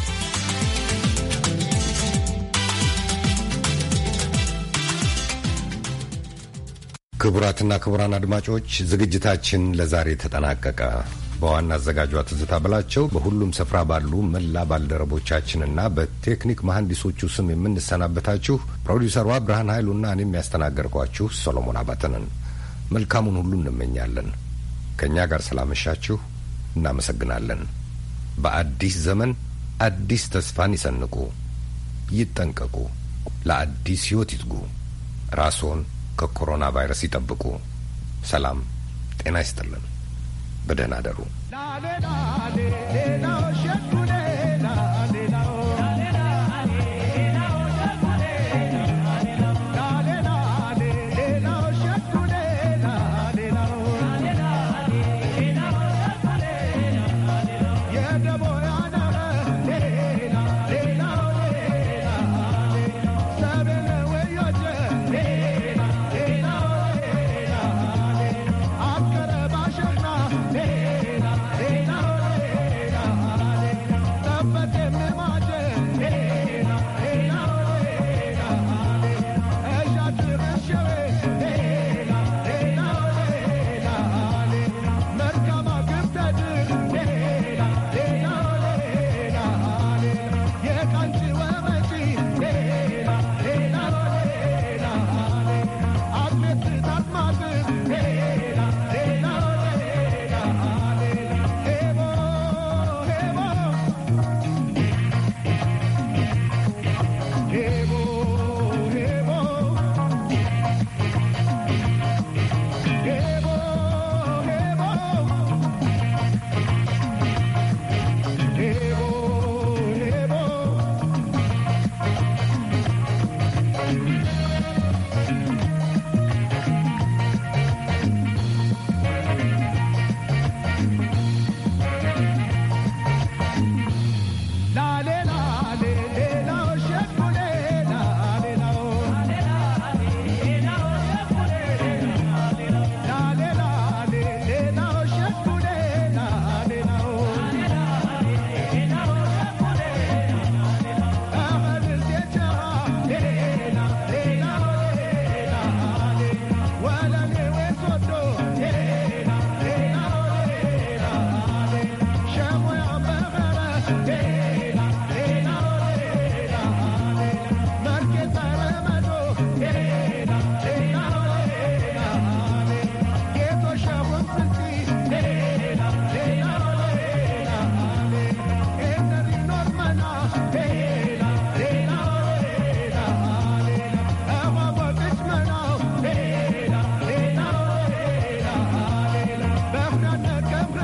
ክቡራትና ክቡራን አድማጮች ዝግጅታችን ለዛሬ ተጠናቀቀ። በዋና አዘጋጇ ትዝታ ብላቸው በሁሉም ስፍራ ባሉ መላ ባልደረቦቻችንና በቴክኒክ መሐንዲሶቹ ስም የምንሰናበታችሁ ፕሮዲውሰሯ ብርሃን ኃይሉና እኔም ያስተናገርኳችሁ ሶሎሞን አባተንን መልካሙን ሁሉ እንመኛለን። ከእኛ ጋር ስላመሻችሁ እናመሰግናለን። በአዲስ ዘመን አዲስ ተስፋን ይሰንቁ፣ ይጠንቀቁ፣ ለአዲስ ሕይወት ይትጉ፣ ራስዎን ከኮሮና ቫይረስ ይጠብቁ። ሰላም ጤና ይስጥልን። በደህና አደሩ።